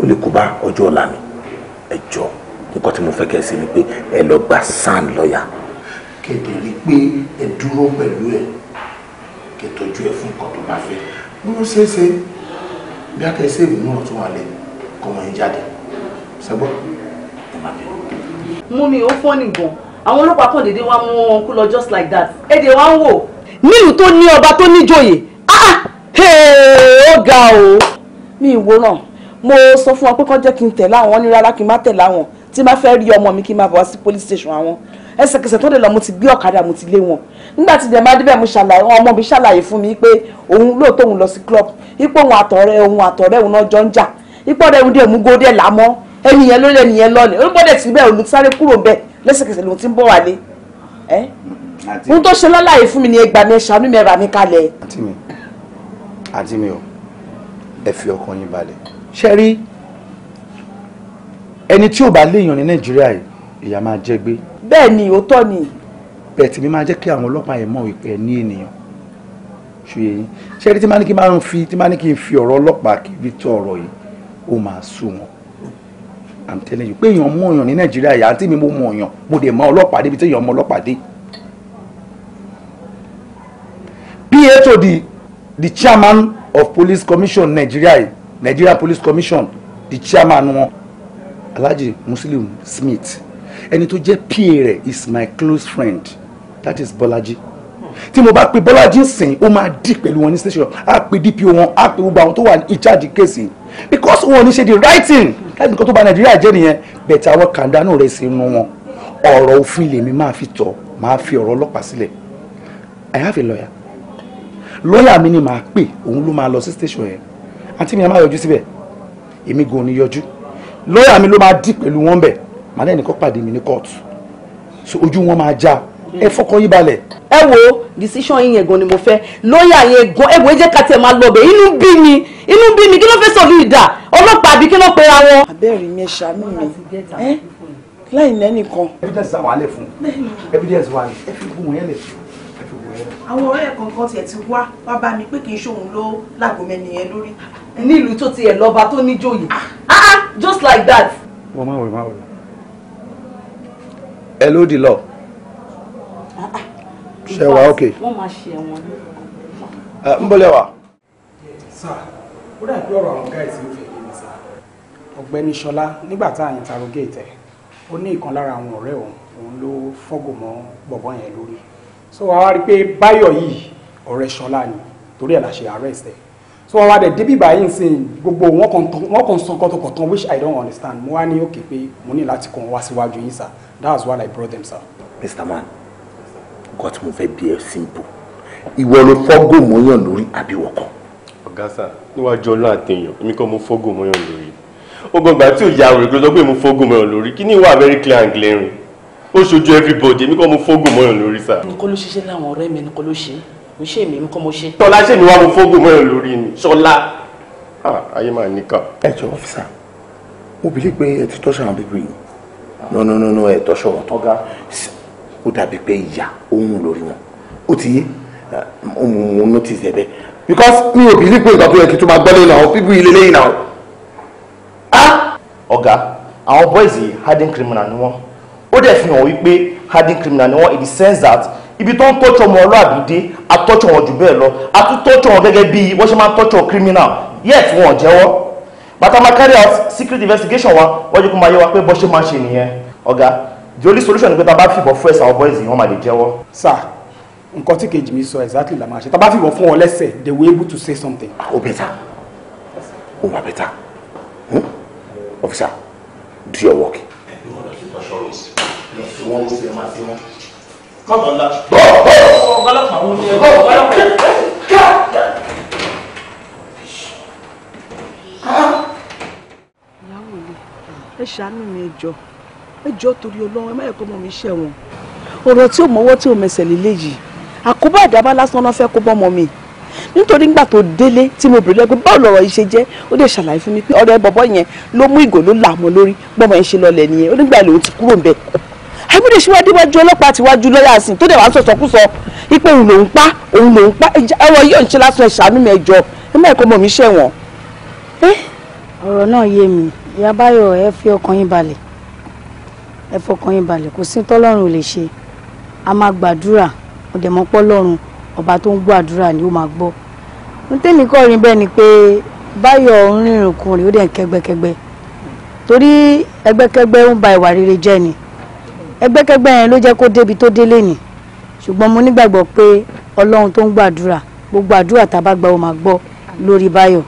ó lè kó bá ọjọ́ ọ̀la mi ẹ jọ̀ọ́ nǹkan tí mo fẹ́ kẹ́ sí ni pé ẹ lọ gba sand lọ́ọ̀yà kẹ̀dẹ̀ rí pé ẹ dúró pẹ̀lú ẹ kẹtọ́jú ẹ fún nǹkan tó bá fẹ́ wọ́n ṣeé ṣe bí akẹ́sẹ́ ìlú náà tún wà lẹ́ kọ́mọ yẹn jáde ṣẹgbọ́n ẹ má bẹ̀rù. mú mi ó fọ́nì gan àwọn ọlọ́pàá kan dédé wá mú wọn kú lọ just like that èdè wa ń wò. nílùú tó ní ọba tó níjòyè ah, ó ga o mi ìwòran mo sọ fún wọn pé kán jẹ́ kí n tẹ̀lé àwọn ní rárá kí n má tẹ̀lé àwọn tí n bá fẹ́ rí ọmọ mi kí n máa bọ̀ wá sí police station àwọn ẹsẹ̀kẹsẹ̀ tó lè lọ mo ti gbé ọ̀kadà mo ti lé wọn nígbà tí dèmá débẹ̀ mo ṣàlàyé ọmọ mi ṣàlàyé fún mi pé òun lóòótọ́ òun lọ sí club ipò òun àtọ̀rẹ́ òun àtọ̀rẹ́ òun náà jọ ń jà ipò ọ̀rẹ́ òun dé òun gódé làmọ́ ẹnìyẹn ló lé ẹnìyẹn lọ́ọ̀lẹ̀ ó gbọ́dẹ̀ sí bẹ́ẹ̀ òun sáré kúrò bẹ́ẹ̀ lẹ́sẹ̀kẹsẹ̀ lòun ti ń bọ̀ wálé ẹ́ ohun tó ṣe lálàyé fún mi ni ẹgbàá mi ẹ̀ṣánú mi ẹ̀rà mi kalẹ̀. àǹtí mi àǹtí mi ò ẹ fi ọkàn yín balẹ̀ ṣe rí ẹni tí ò bá léèyàn ní nàìjíríà yìí ìyà máa jẹ gbé. bẹ́ẹ̀ ni òótọ́ ni. bẹ́ẹ̀ tí mi máa jẹ́ kí àwọn ọlọ́pàá yẹn mọ̀ ìpè ní ènìyàn ṣùgbọ́n yẹn ṣé ẹni tí máa ní kí n fi tí máa ní kí n fi ọ̀rọ̀ ọlọ́pàá kí fi tó ọ̀rọ̀ yìí ó máa sú wọn. I'm telling you pé èèyàn mọ̀ èèyàn ní nàìjíríà yìí àǹtí mi mo mọ̀ èèyàn mo dẹ̀ mọ ọlọ́pàá débi tí èèyàn mọ ọlọ́pàá dé. pa to the the chairman of police commission Nigeria Nigeria police commission the chairman wọn alhaji muslim smith ẹni tó jẹ́ pa rẹ̀ is my close friend that is Bolaji. tí mo bá pe bọ́lájí sìn ó máa dì pẹ̀lú wọn ní station á pe dpo wọn á pe gbogbo àwọn tó wà ní ìjáde kéèsì because wọn ò ní ṣe the right thing láti nǹkan tó bà nàìjíríà jẹ́ nìyẹn bẹ̀tẹ̀ àwọn kàńdánù rẹ̀ sì nu wọn ọ̀rọ̀ òfin lèmi máa fi tọ̀ máa fi ọ̀rọ̀ ọlọ́pàá sílẹ̀ i have a lawyer lọ́yà mi ni màá pè òun ló máa lọ sí station yẹn àǹtí mi a yọjú síbẹ̀ èmi gan ni yọjú lọ́ọ̀yà mi ló máa dì pẹ̀lú wọn bẹ̀ màá lẹ́nu kọ́ pàdé mi ní kóòtù so ojú wọn máa já ẹ fọkàn yín balẹ̀. ẹ wo decision yín yẹn gan ni mo fẹ́ lọ́ọ̀yà yẹn gan ẹ wo ẹ jẹ́ ká tẹ̀ máa lọ bẹ̀ inú bí mi inú bí mi kí ló fẹ́ sọ̀rọ̀ ìdà ọlọ́pàá àbí kí ló pera wọn. abẹ́rẹ́ mi ẹ ṣàánú mi láì lẹ́nìkan. evidence wà lẹ̀ fún evidence wà lẹ̀ ẹ fi gbogbo wọn yẹn lẹ̀ fún àwọn ọ̀rẹ́ kankan tiẹ̀ ti wá wá bá mi pé kì í ṣòun ló lágbo mẹ́ni yẹn lórí. nílùú tó tiẹ̀ lọ́ba tó níjòyè. Ah, ah, just like that. Mama, máa wẹ̀ máa the law. Share, di lọ. Ah, ah. ṣe wa ok. wọ́n máa ṣe ẹ̀wọ̀n ní. ẹ ń bọ́lẹ̀ wá. sá ó dàbí ṣọlá nígbà tá à ń interrogate ẹ̀ ó ní ìkan lára àwọn ọ̀rẹ́ òun òun ló fọ́gò mọ́ bọ̀bọ́ yẹn lórí so àwa rí i pé báyọ̀ yìí ọ̀rẹ́ ṣọlá ni torí ẹ̀ la ṣe arrest ẹ̀ so wọn wá dẹ̀ débi báyìí nsìn gbogbo wọn kàn sàn kọ́tọ̀kọ̀tàn which i don't understand mo wá ní òkè pé mo ní láti kàn wá síwájú yín sir that's why i brought them sir. mr man nǹkan tí mo fẹ́ bí ẹ simple ìwọ ló fọ́gò mọ́yàn lórí àbíwọ̀ kan. ọ̀gá sà níwájú ọlọ́ àtẹ̀yàn èmi kan mo fọ́gò mọ́yàn lórí ó gbọ́ngbà tí ò ya rẹ̀ ló sọ pé mo fọ́gò mọ́yàn lórí kí ni ìwà very clear and glaring ó ṣojú everybody èmi kan mo fọ́gò mọ́yàn lórí sà. nǹkan ló ṣiṣẹ́ láwọn ọ̀rẹ́ mi nǹkan ló ṣe é mi ṣe mi kọ́ mo ṣe. tọ́lá ṣe mi wá mo fógùn mọ́ ẹ lórí ni. sọlá. ayé máa níkà. ẹ jọ ọfíìsà mo bìlí pé ẹ ti tọ́ṣọ àwọn bíbí yìí no no no no ẹ tọ́ṣọ wọn. ọ̀gá ó dàbí pé ìyá òun lórí wọn ó ti yé mo notice ẹ bẹ́ẹ̀ because mi ò bìlí pé nǹkan tó yẹ kí tó máa gbọ́lé náà bíbí ilé lẹ́yìn náà. ọ̀gá àwọn boys yìí hardened criminal ni wọ́n ó dẹ̀ fi hàn wípé hardened criminal ni wọ́n in the sense that ibi tó ń tọ́jú ọmọ ọlọ́àbí dé atọ́jú wọn jù bẹ́ẹ̀ lọ atútọ́jú wọn gẹ́gẹ́ bí wọ́n ṣe máa ń tọ́jú criminal yet wọn jẹ́wọ́ bàtà máa carry out secret investigation wa wọ́n jẹ́ kó máa yé wa pé bọ́ ṣe máa ṣe nìyẹn ọ̀gá the only solution ni pé tá a bá fìbọn fún ẹ̀sà ọ̀bọ ìsìn wọn máa lè jẹ́wọ́. sir nǹkan tí kejì mi sọ exactly la máa ṣe tá a bá fìbọn fún ọ lẹ́sẹ̀ they were able to say something. o bẹta o wa bẹta officer do your work kọ́mọ̀ ńlá. oh oh oh ni ẹ̀rọ ọ̀gá ọlọ́pàá. ìyàwó mi ẹ ṣàánú mi ẹ jọ̀ọ́ ẹ jọ̀ọ́ torí Ọlọ́run ẹ má yẹ kó mọ mi ṣẹ̀wọ̀n ọ̀rọ̀ tí ò mọ́wọ́ tí ò mẹsẹ̀ lélẹ̀ yìí àkóbá àdábá lásán náà fẹ́ kó bọ́mọ mi nítorí nígbà tó délé tí mo bèrè lẹ́gbẹ́ báwo lọ̀rọ̀ yìí ṣe jẹ́ ó dẹ̀ ṣàlàyé fún mi pé ọ̀rẹ́ bọ̀bọ̀ yẹn ló mú ìgò ló là mọ́ lórí bọ́mọ yẹn ṣe lọlẹ̀ nìyẹn ó nígbà lòun ti kúrò ń bẹ̀ àìmọdé síwájú iwájú ọlọ́pàá ti wájú lọ́yà sí tó dẹ̀ wá sọ̀sọ̀kúsọ ipe òun lòún pa òun lòún pa ẹwọ yóò ń ṣe lásán ẹ ṣàánú mi ẹjọ ẹ má ẹkọ mọ mi ṣẹ̀wọ̀n. ọ̀rọ̀ náà yé mi ìyá báyọ̀ ẹ fi ọkàn yín balẹ̀ ẹ fọkàn yín balẹ̀ kò sí tọ́lọ́run ò lè ṣe a máa gbàdúrà ó dẹ̀ mọ́ pọ́lọ́run ọba tó ń gbọ́ ni ó máa gbọ́ ń tèmi kọ́ rin bẹ́ẹ̀ ni pé báyọ̀ ń rìnrìn kùnrin ó dẹ̀ kẹgbẹ́kẹgbẹ́ torí ẹgbẹ́kẹgbẹ́ ń ba ìwà rere jẹ́ ni ẹgbẹ́kẹ́gbẹ́ yẹn ló jẹ́ kó débi tó délé ni ṣùgbọ́n mo nígbàgbọ́ pé ọlọ́run tó ń gbàdúrà gbogbo àdúrà tá a bá gbà ó máa gbọ́ lórí báyọ̀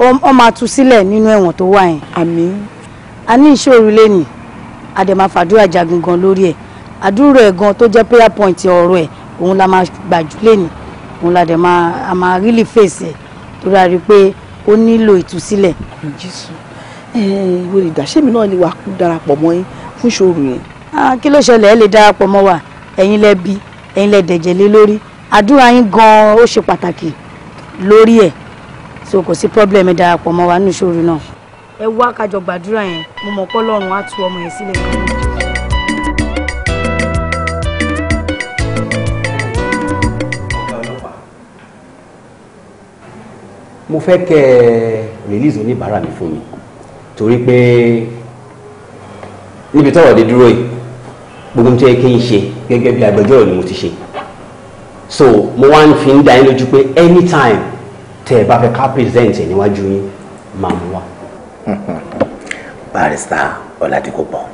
ó máa tú sílẹ̀ nínú ẹ̀wọ̀n tó wà yẹn. àmín. a ní ìṣòro lẹ́nì àdèmàfàdúrà jagun gan lórí ẹ̀ àdúrà ẹ̀ gan tó jẹ́ prayer point ọ̀rọ̀ ẹ̀ òun la máa gbàjú lẹ́nì òun la dẹ̀ máa a máa really face ẹ̀ tó rí i pé ó nílò ìtúsílẹ̀. jésù mi náà lè wà darapọ̀ mọ́ Ah, kí ló ṣẹlẹ̀ ẹ lè darapọ̀ mọ́ wa ẹ̀yin lẹ bí ẹ̀yin lẹ dẹ̀jẹ̀ lé lórí àdúrà yín gan-an ó ṣe pàtàkì lórí ẹ̀ so kò sí pọ́blẹ́mì darapọ̀ mọ́ wa nínú ìṣòro náà. ẹ wá kájọ gbàdúrà yẹn mo mọ̀ pé Ọlọ́run á tú ọmọ yẹn sílẹ̀ mo fẹ́ kẹ́ ẹ release oníbàárà mi fún mi torí pé níbi tọ́rọ̀ dé dúró yìí gbogbo tó yẹ kí n ṣe gẹ́gẹ́ bí agbẹjọ́rò ni mo ti ṣe so mo wá ń fi ń dá yín lójú pé anytime tẹ́ ẹ bá fẹ́ ká present ẹ̀ níwájú yín máa mú wá. barista ọ̀làdìgọ́pọ̀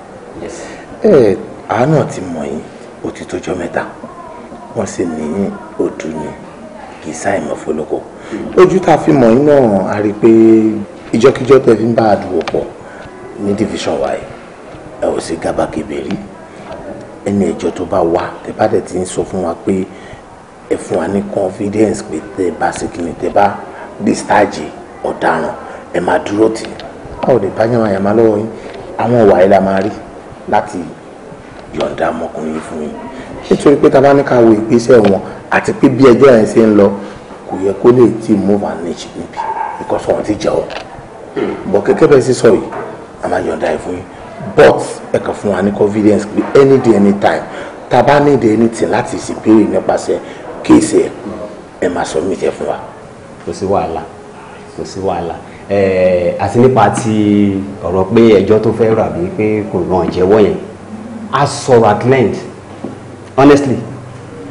ẹ àánú ti mọ̀ yín ó ti tójọ́ mẹ́ta wọ́n sì ní òdù ni kì í sáì mọ̀ fọlọ́kọ̀ hmm. ojú tá a fi mọ̀ yín náà a rí i pé ìjọkíjọ tẹ́ fi ń bá a dùn pọ̀ ní division wa ẹ ò sí gábàkebè rí ẹni ìjọ tó bá wà tẹ́ bá dẹ̀ ti ń sọ fún wa pé ẹ fún wa ní confidence pé tẹ́ bá ṣe kìnnì tẹ́ bá discharge ọ̀daràn ẹ máa dúró tì í báwo lè bá yàn àyàmá lọ́wọ́ yín àwọn ìwà yìí la máa rí láti yọ̀ǹda ọmọkùnrin fún yín nítorí pé tá a bá ní ká wo ìgbésẹ̀ wọn àti pé bí ẹjọ́ yẹn ṣe ń lọ kò yẹ kó lè tí move and niche níbi ìkọsọ̀ wọn ti jẹ́ ọ hmm. bọ̀ kẹ́kẹ́ bẹ́ẹ̀ sísọ yìí a máa yọ̀ǹda ẹ̀ fún yín but ẹ kàn fún wa ní confidence pé any day any time tá a bá ní ìdè anything láti ìsìnbéèrè nípasẹ̀ kéèsì ẹ ẹ máa sọ mí tẹ fún wa. kò sí wàhálà kò sí wàhálà àti nípa ti ọ̀rọ̀ pé ẹjọ́ tó fẹ́ rà bíi pé kò ràn jẹ́wọ́ yẹn a sọ̀rọ̀ at length honestly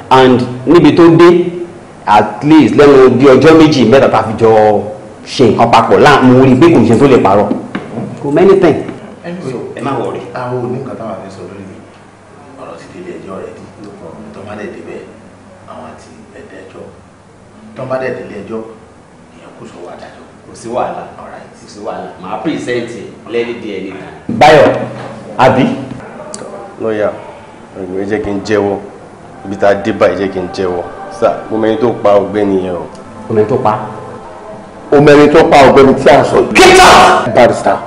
and níbi tó dé at least lẹ́nu bí ọjọ́ méjì mẹ́ta tá a fi jọ ṣe nǹkan papọ̀ láàmú rí pé kò ṣe tó lè parọ́ kò many things so ẹ má wọrí. àwọn ò ní nǹkan táwọn àfi sọ lórí mi. ọ̀rọ̀ ti délé ẹjọ́ rẹ̀ di tọ́mádé débẹ̀ àwọn àti ẹ̀dẹ̀ ẹjọ́ tọ́mádé délé ẹjọ́ ìyẹn kò sọ wà dájọ́. kò sí wàhálà kò sí wàhálà màá pírẹsẹ̀ntì lẹ́ni díẹ̀ níta. báyọ̀ àbí. lọ́ọ̀yà ẹ jẹ́ kí n jẹ́wọ́ ibi tá a dé báyìí jẹ́ kí n jẹ́wọ́ sá mo tó pa ọ̀gbẹ́ni yẹn o. mo tó pa. o mẹ́ni tó pa ọ̀gbẹ́ni tí a sọ yìí. get out. barrister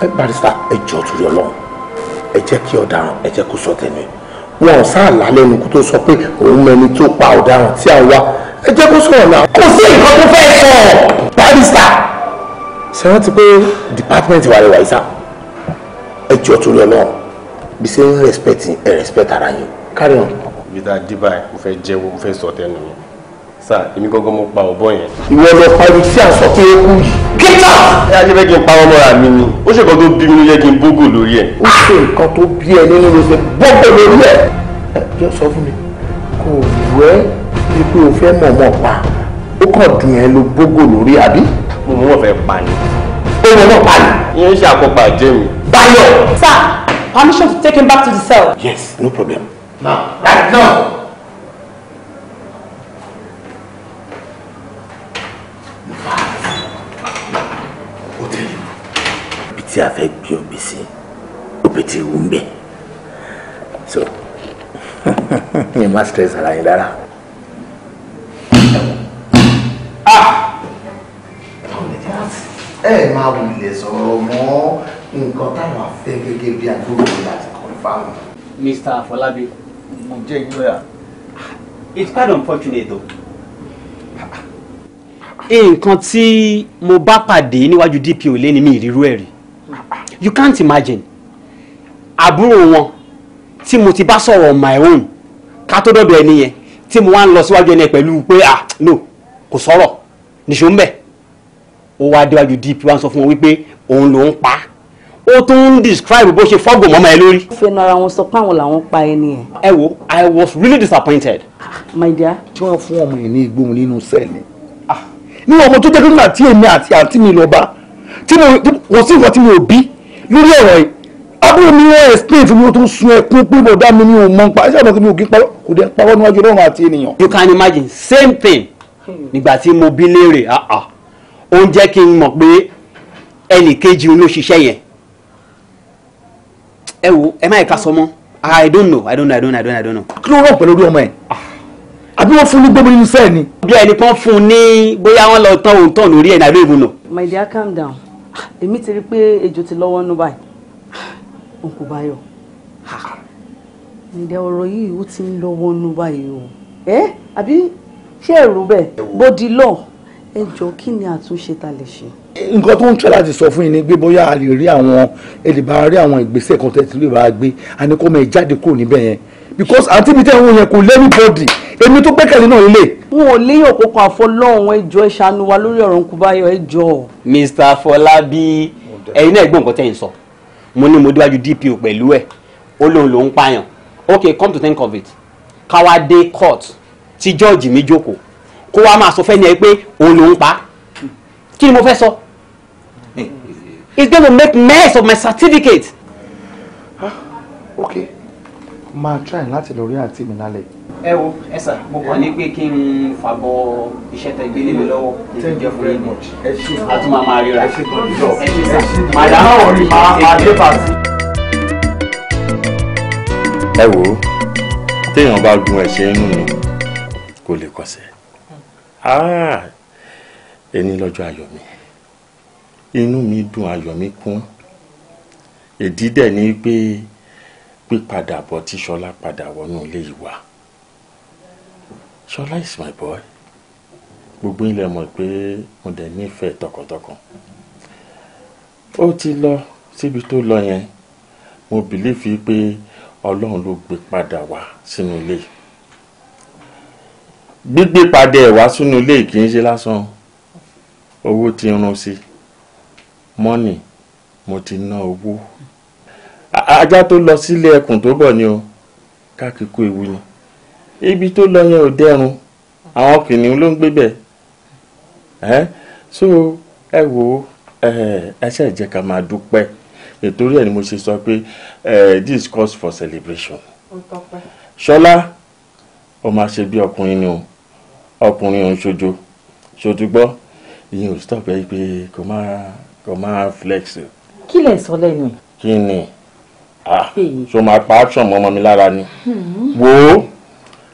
ẹ barista ẹ jọ torí Ọlọ́run ẹ jẹ́ kí ọ̀daràn ẹ jẹ́ kó sọ tẹnu wọn ò sáà lálẹ́ ẹnu kó tó sọ pé òun mẹni tó pa ọ̀daràn tí a wá ẹ jẹ́ kó sọ̀rọ̀ náà. kò sí nǹkan tó fẹ́ sọ barista ṣe rántí pé department wa rẹwà isa ẹ jọ torí Ọlọ́run bí ṣe ń respect ẹ respect ara yín carry on. bí dáa dí báyìí mo fẹ́ jẹ́wọ́ mo fẹ́ sọ tẹnu mi sir èmi gangan mo pa ọ̀bọ yẹn. ìwọ lọ pa ibi tí ó kú yìí. get out. ẹ ajẹ́ fẹ́ kí n pa ọmọ rà mí ni ó ṣe nǹkan tó bí mi ló yẹ kí n bógò lórí ẹ̀. ó ṣe nǹkan tó bí ẹ nínú ló ṣe bógò lórí ẹ̀. ẹ jọ sọ fún mi kò wẹ́ bí pé o fẹ́ mọ̀ọ́mọ̀ pa ó kàn dùn ẹ́ ló bógò lórí àbí. mo mọ̀ fẹ́ pa ni. ó mọ̀ náà pa ni. ìyẹn ṣe àkópa jẹ́ mi. Báyọ̀. sir permission to take him back to the cell. yes no problem. now right now. a fẹ́ gbé obì sí obì ti wù ń so ẹ má stress ara yín rárá. Ah! ẹ máa wulẹ̀ sọ̀rọ̀ mọ́ nǹkan táwọn afẹ́ gẹ́gẹ́ bí agbóhùn láti confam. Mr. Afọlábí mo jẹ́ ìgbóyà. it's quite unfortunate though. nǹkan tí mo bá pàdé níwájú DPO lé ní mi ìrírú ẹ̀ rí you can't imagine àbúrò wọn tí mo ti bá sọ̀rọ̀ on my own ká tó dọ̀dọ̀ ẹni yẹn tí mo wá ń lọ síwájú ẹni pẹ̀lú pé ah no kò sọ̀rọ̀ nìṣó ń bẹ̀ ó wá déwájú dp wá ń sọ fún wọn wípé òun ló ń pa ó tún ń describe bó ṣe fọ́gò mọ́mọ́ ẹ lórí. ó fẹnu ara wọn sọ pé àwọn làwọn pa ẹni ẹ. ẹ wo i was really disappointed. my dear. tí wọ́n fún ọmọ yẹn ní igbóhun nínú sẹ́ẹ̀lì ah. ní ọmọ tó jẹ́ pé nígbà tí èmi àti àǹtí mi lọ bá tí mo kò sí nǹkan tí mo bí lórí ọ̀rọ̀ yìí abúlé mi wọ́n explain fún mi ó tún sun ẹkún pé mo dá mi mi ò mọ pa ẹsẹ̀ ọ̀dọ̀ kí mi ò kí parọ́ kò dé parọ́ níwájú ọlọ́run àti ènìyàn. you can imagine same thing nígbà tí mo bí léèrè ah, ah, ó ń jẹ́ kí n mọ̀ pé ẹnì kejì ló ṣiṣẹ́ yẹn ẹ wo ẹ má yẹ ká i don't know i don't know i don't know i don't I don't know. kí ló rọ̀ pẹ̀lú orí ọmọ ẹ̀ ah. àbí wọ́n fún ní gbogbo nínú sẹ́ẹ̀ ni. bí ẹnì kan fún un ní bóyá wọ́n lọ tán òun tán lórí ẹ̀ náà ló ìbùnà. my dear calm down èmi ti rí i pé ejò ti lọ́wọ́ nú báyìí òun kò bá yọ ǹdẹ ọ̀rọ̀ yìí ó ti ń lọ́wọ́ nú báyìí o ẹ àbí ṣé ẹ̀rù bẹ́ẹ̀ bódi lọ ẹ jọ kí ni àtúnṣe ta lè ṣe. nǹkan tó ń tẹ́ láti sọ fún yín ni pé bóyá a lè rí àwọn ẹlẹ́bà rí àwọn ìgbésẹ̀ kan tẹ́tí lè bá a gbé àníkó mọ̀ jáde kúrò níbẹ̀ yẹn because àǹtí mi tẹ́ ń wọ yẹn kò lẹ́nu bọ́dì èmi tó gbẹ́kẹ̀lé náà lè. n ò léyàn kókó àfọlọ́hún ẹjọ́ ìṣàánú wa lórí ọ̀rọ̀ nkúbáyọ̀ ẹjọ́. Mr. Fọlábí ẹ̀yin náà gbọ́ nǹkan tẹ́yìn sọ mo ní mo déwájú DPO pẹ̀lú ẹ̀ ó lóun ló pààyàn ok come to think of it káwá dé court tí jọ́ọ̀jì mi jókòó kó wá máa sọ fẹ́ni ẹ pé òun ló pa kí ni mo fẹ́ sọ it's gonna make mess of my certificate. Ah, ok máa try láti lọ rí àǹtí mi lálẹ́. ẹ wo ẹ sà mo kàn ní pé kí n fàbọ̀ iṣẹ́ tẹ gbélé mi lọ́wọ́ èyí jẹ́ fún yín a tún máa máa ríra ẹ ṣe sà màdàmú ọ̀rí máa dé pàṣẹ. ẹ wo téèyàn bá gun ẹ̀ṣẹ̀ inú mi kò lè kọsẹ̀ ẹni lọ́jọ́ ayọ̀ mi inú mi dùn ayọ̀ mi kún ìdí dẹ̀ ni pé. Pe pípadà bọ̀ tí ṣọlá padà wọnú ilé yìí wá ṣọlá is my boy gbogbo ilẹ̀ mọ̀ pé mo dẹ̀ nífẹ̀ẹ́ tọkàntọkàn ó ti lọ síbi tó lọ yẹn mo bìlífì pé ọlọ́run ló gbé padà wá sínú ilé gbígbé padà ẹ̀ wá sínú ilé kì í ṣe lásán owó ti run sí mọ́nì mo ti ná owó ajá tó lọ sílé ẹkùn tó bọ̀ ni o kákìkú ewu ni ibi tó lọ yẹn ò dẹrùn àwọn kìnìún ló ń gbé bẹ̀ ẹ́ so ẹ wo ẹ ṣe jẹ́ ká máa dúpẹ́ nítorí ẹ̀ ni mo ṣe sọ pé this calls for celebration ṣọlá ó máa ṣe bí ọkùnrin ni o ọkùnrin òun ṣojo ṣòtúgbọ́ ìyẹn ò stop ẹ pé kò máa kò máa flex. kí lè sọ lẹ́nu ẹ̀. kí ni. Ah, hmm. so máa pa action mọ́ ọmọ mi lára ni hmm. wo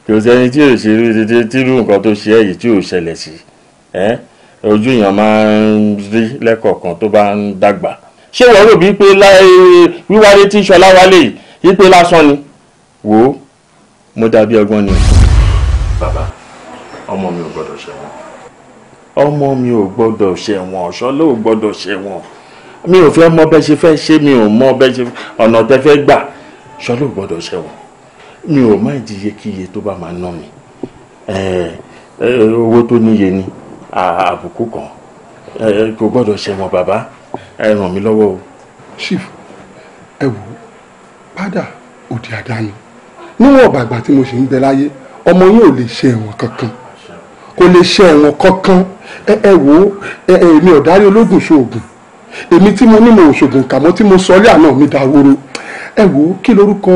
kì í sẹ́ni tí yóò ṣe irú títí tírú nǹkan tó ṣe ẹ̀yìn tí yóò ṣẹlẹ̀ sí ojú èèyàn máa ń rí lẹ́kọ̀ọ̀kan tó bá ń dàgbà ṣé wọ́n rò bíi pé wíwáyé tí ṣọlá wálé yìí pé lásán ni wo mo dàbí ọgbọ́n ni. bàbá ọmọ mi ò gbọ́dọ̀ ṣẹ̀wọ̀n. ọmọ mi ò gbọ́dọ̀ ṣẹ̀wọ̀n ṣọlá ò gbọ́dọ̀ ṣẹ̀wọ̀n mi ò fẹ́ mọ bẹ́ẹ̀ ṣe fẹ́ ṣe mi ò mọ bẹ́ẹ̀ ṣe ọ̀nà tẹ́ fẹ́ gbà ṣọlọ́ gbọ́dọ̀ ṣẹ̀wọ̀n mi ò má ìdíye kíye tó bá máa ná mi owó tó níye ni àbùkù kan kò gbọ́dọ̀ ṣẹ̀wọ̀n bàbá ẹ ràn mí lọ́wọ́ o. chief ẹ wò padà òde àdáni níwọ̀n bàgbà tí mo ṣe ń bẹ láyé ọmọ yín ò lè ṣe ẹ̀wọ̀n kankan kò lè ṣe ẹ̀wọ̀n kankan ẹ wò ẹ èmi ọ̀dárí ológun ṣoògùn èmi tí mo ní mo òṣògùn kàmọ́ tí mo sọlé àná mi dàwóró ẹ wò ó kí lorúkọ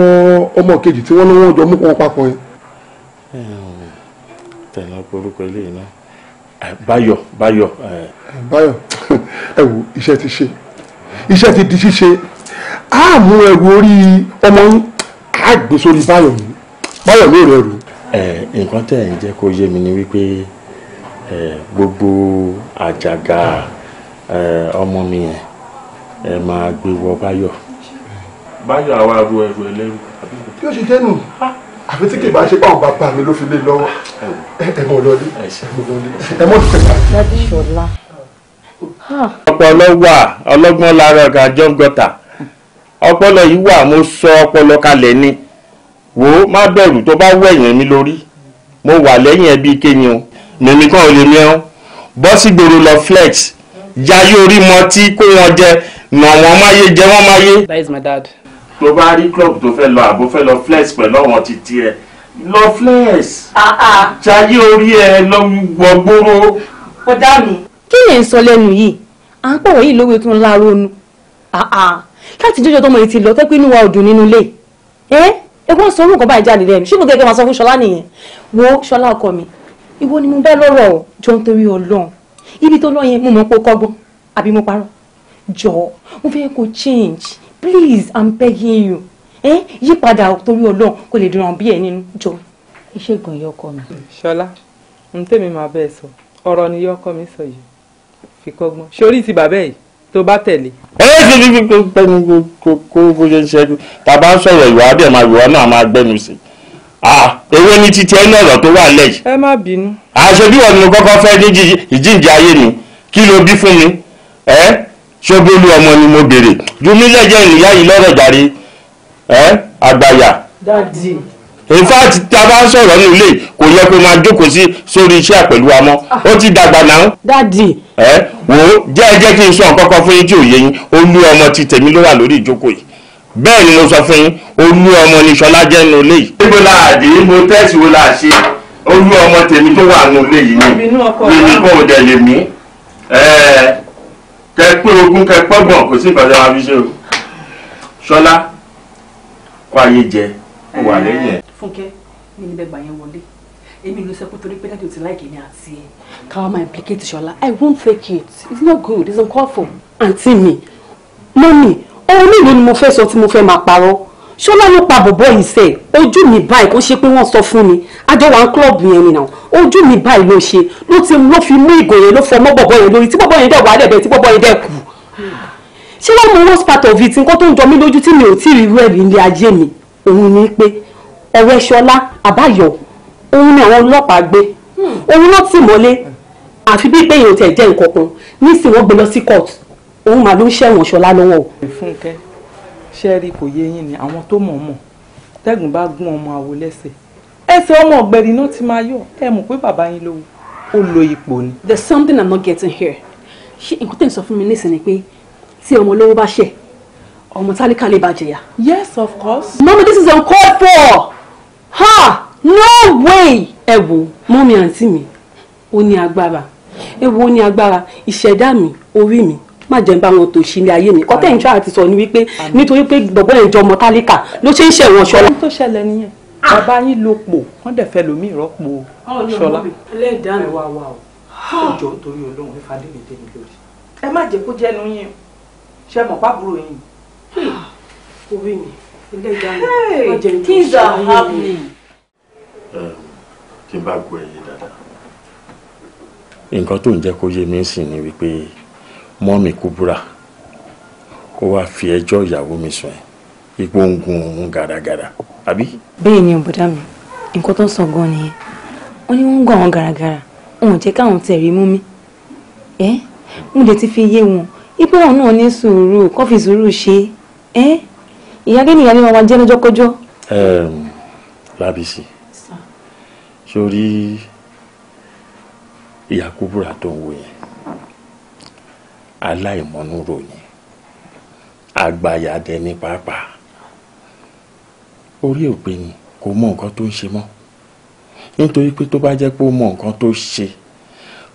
ọmọ kejì tí wọ́n ní wọ́n jọ mú wọn papọ̀ yẹn. tẹ̀lé orúkọ eléyìí náà báyọ̀ báyọ̀. báyọ̀ ẹ wò iṣẹ́ ti ṣe iṣẹ́ ti di ṣíṣe á mú ẹrù orí ọmọ yín á gbé sórí báyọ̀ mi báyọ̀ ló rẹ̀ rù. nǹkan tẹ̀ ń jẹ́ kó yé mi ni wípé gbogbo àjàgà. Eh, Eh, ọmọ mi yẹn ẹ máa gbé wọ báyọ̀. báyọ̀ àwa ru ẹrù ẹlẹ́rù. bí ó ṣe jẹ́nu àfi tí kì í bá ṣe báwọn bàbá mi ló fi lé lọ́wọ́ ẹ mọ̀ lọ́lé ẹ mọ̀ tẹ̀lé. dájú ṣọlá. ọpọlọ wà ọlọ́gbọ́n lára ọ̀gá john gọta ọpọlọ yìí wà mo sọ ọpọlọ kalẹ̀ ni wò ó má bẹ̀rù tó bá wẹ̀yìn mi lórí mo wà lẹ́yìn ẹbí kéyìn o mímí kan ò lè ní ẹ bọ́ sí gbòòrò lọ flex jayé orí mọtí kó wọn jẹ nà wọn máyé jẹ wọn máyé. that is my dad. tó bá rí club tó fẹ́ lọ àbó fẹ́ lọ flex pẹ̀lú àwọn títí ẹ lọ flex. Ah, ah. jayé orí ẹ lọ wọ gbóró. ó dá mi. kí ni ẹ̀ ń sọ lẹ́nu yìí à ń pọ̀wọ́ yìí lówe tó ń la ronú láti jọjọ tọmọ yìí ti lọ tẹ́pẹ́ inú wa ò dùn nínú ilé ẹ ẹ wọ́n sọ orúkọ báyìí jáde lẹ́nu ṣùgbọ́n kẹ́kẹ́ máa sọ fún ṣọlá nìyẹn wo ṣọlá ọkọ mi ìwọ ni mo bẹ́ lọ́rọ̀ jọ ń torí ọlọ́run ibi tó lọ yẹn mo mọ̀ pé ó kọ́gbọ́n àbí mo parọ́ jọ̀ọ́ mo fẹ́ kó change please i'm begging you ẹ yípadà torí ọlọ́run kò lè dùn bí ẹ nínú jọ iṣẹ́ gan yọ ọkọ mi. ṣọlá n tèmi máa bẹ́ẹ̀ sọ ọ̀rọ̀ ni yọ ọkọ mi sọ yìí fi kọ́gbọ́n sórí ti bàbá yìí tó bá tẹ̀lé. ẹ ẹ ṣe ní kó gbẹnu kó kó bó ṣe ń ṣẹ́jú tàbá ń sọ̀rọ̀ ìwà á dẹ̀ máa ìwà náà máa gbẹnu sí i ewé ní títí ẹni ọ̀rọ̀ tó wà lẹ́yìn. ẹ má bínú. àṣebí wọn ni mo kọ́kọ́ fẹ́ ní ìjíǹde ayé ni kí ló bí fún mi ẹ ṣọ́bólú ọmọ ni mo béèrè ju mi lẹ́jẹ̀ ìyá yìí lọ́rọ̀ jàre ẹ àgbàyà. dadi. in fact a bá ń sọ̀rọ̀ ní ilé kò yẹ kó máa jókòó sí sórí iṣẹ́ pẹ̀lú wa mọ́ ah. ó ti dàgbà náà. dadi. ẹ wo jẹ́ ẹ jẹ́ kí n sọ nǹkan kan fún yín tí ò yé yín olú ọmọ ti tèmi ló wà lórí ìjókòó yìí bẹ́ẹ̀ ni mo sọ fún yín olú ọmọ ni Ṣọlá jẹ́ nínú ilé yìí. níbo la àdé mo tẹ́sí wo la ṣe olú ọmọ tèmi tó wà nínú ilé yìí ni mímí kò dẹ̀ lè mí kẹ pé ogún kẹ pọ́gbọ̀n kò sí nǹkan tó máa fi ṣe o Ṣọlá kó ayé jẹ kó wà lẹ́yìn ẹ̀. Fúnkẹ́ mi ni bẹ́ẹ̀ gbà yẹn wọlé èmi ló sọ pé torí pé dáàdi ò ti láìkè ní àti ẹ. káwa máa implicate Ṣọlá I won't fake it it's not good it's uncalled for. àǹtí mi mọ́mì ohun mélòó ni mo fẹ́ sọ tí mo fẹ́ máa parọ́ ṣọlá ló pa bọ̀bọ̀ yìí sẹ́ ojú mi báyìí kó ṣe pé wọ́n sọ fún mi àjọwà ń klọ́ọ̀bù yẹn nìyàwó ojú mi báyìí ló ṣe ló ti ló fi mú ìgò yẹn ló fọmọ́ bọ̀bọ̀ yẹn lórí tí bọ̀bọ̀ yẹn dẹ̀ wà lẹ́bẹ̀ẹ́ tí bọ̀bọ̀ yẹn dẹ̀ kú. ṣé wọ́n mú worst part of it nǹkan tó ń jọ mí lójú tí mi ò tí ì rí irú ẹ̀rí ilé ayé mi òun ni pé ọ̀rẹ́ ṣọlá àbáyọ òun ni àwọn ọlọ́pàá gbé hmm. òun náà tì mọ́lé àfi bíi pé èèyàn tẹ̀ jẹ́ nǹkan kan nísìnyí wọ́n gbé lọ sí kóòtù òun mà ló ń ṣẹ̀wọ̀n ṣọlá lọ́wọ́ o. ìfúnkẹ́ ṣẹ́ẹ́rì kò yé yín ni àwọn tó mọ̀ mọ̀ tẹ́gùn bá gún ọmọ àwo lẹ́sẹ̀ ẹsẹ̀ ọmọ ọ̀gbẹ̀rì náà ti máa yọ ẹ mọ̀ pé bàbá yín ló ó lo ipò ni. there's something i'm not getting here ṣé nǹkan tẹ̀ ń sọ fún mi nísìnyí pé tí ọmọ olówó bá ṣẹ̀ ọmọ tálíkà lè bá jẹyà. yes of course. mọ́mi this is uncalled for ha no way. ẹ wo mọ́mi àǹtí mi ó ní agbára ẹ wo ó ní agbára ìṣẹ̀dá mi orí mi má jẹ́ ń bá wọn tó ṣílẹ̀ ayé mi kọ́tẹ́ ìjọ àti sọ ni wípé nítorí pé bọ̀bọ́ ẹ̀ jọ ọmọ tálíkà ló ṣe ń ṣe ìwọ̀n ṣọlá. tó ṣẹlẹ̀ nìyẹn bàbá yín ló pò wọ́n dẹ̀ fẹ́ lómi ìrọ́pò ṣọlá. ẹlẹ́dàá rẹ̀ wá wá o ọjọ́ torí olóhùn ẹ̀fà dèrè dé lórí. ẹ má jẹ́ kó jẹ́nu yín ṣe mọ̀ pábúrò yín. orí mi ẹlẹ́dàá rẹ̀ wọ́n jẹ́ nǹkan tó ń jẹ́ kó yé mi sìn ni wípé mọ́mì Kúbúrà ó wáá fi ẹjọ́ ìyàwó mi sùn ẹ̀ ipò ń gun òun gàràgàrà àbí. bẹ́ẹ̀ ni ọ̀bùdá mi nǹkan tó ń sọ gan nìyẹn wọ́n ní wọ́n ń gún àwọn gàràgàrà wọn ò jẹ́ káwọn tẹ̀ rí mú mi ẹ́ mo dẹ̀ ti fi yé wọn ipò wọn náà ní sùúrù kó fi sùúrù ṣe ẹ́ ìyáálé ni ìyáálé máa jẹ́ lọ́jọ́kọ́jọ́. lábìsí sórí ìyá Kúbúrà tó ń wò yẹn aláìmọ̀núrò ni àgbàyàdẹ ní pàápàá orí òpin ni kò mọ nǹkan tó ń ṣe mọ́ nítorí pé tó bá jẹ́ pé ó mọ nǹkan tó ṣe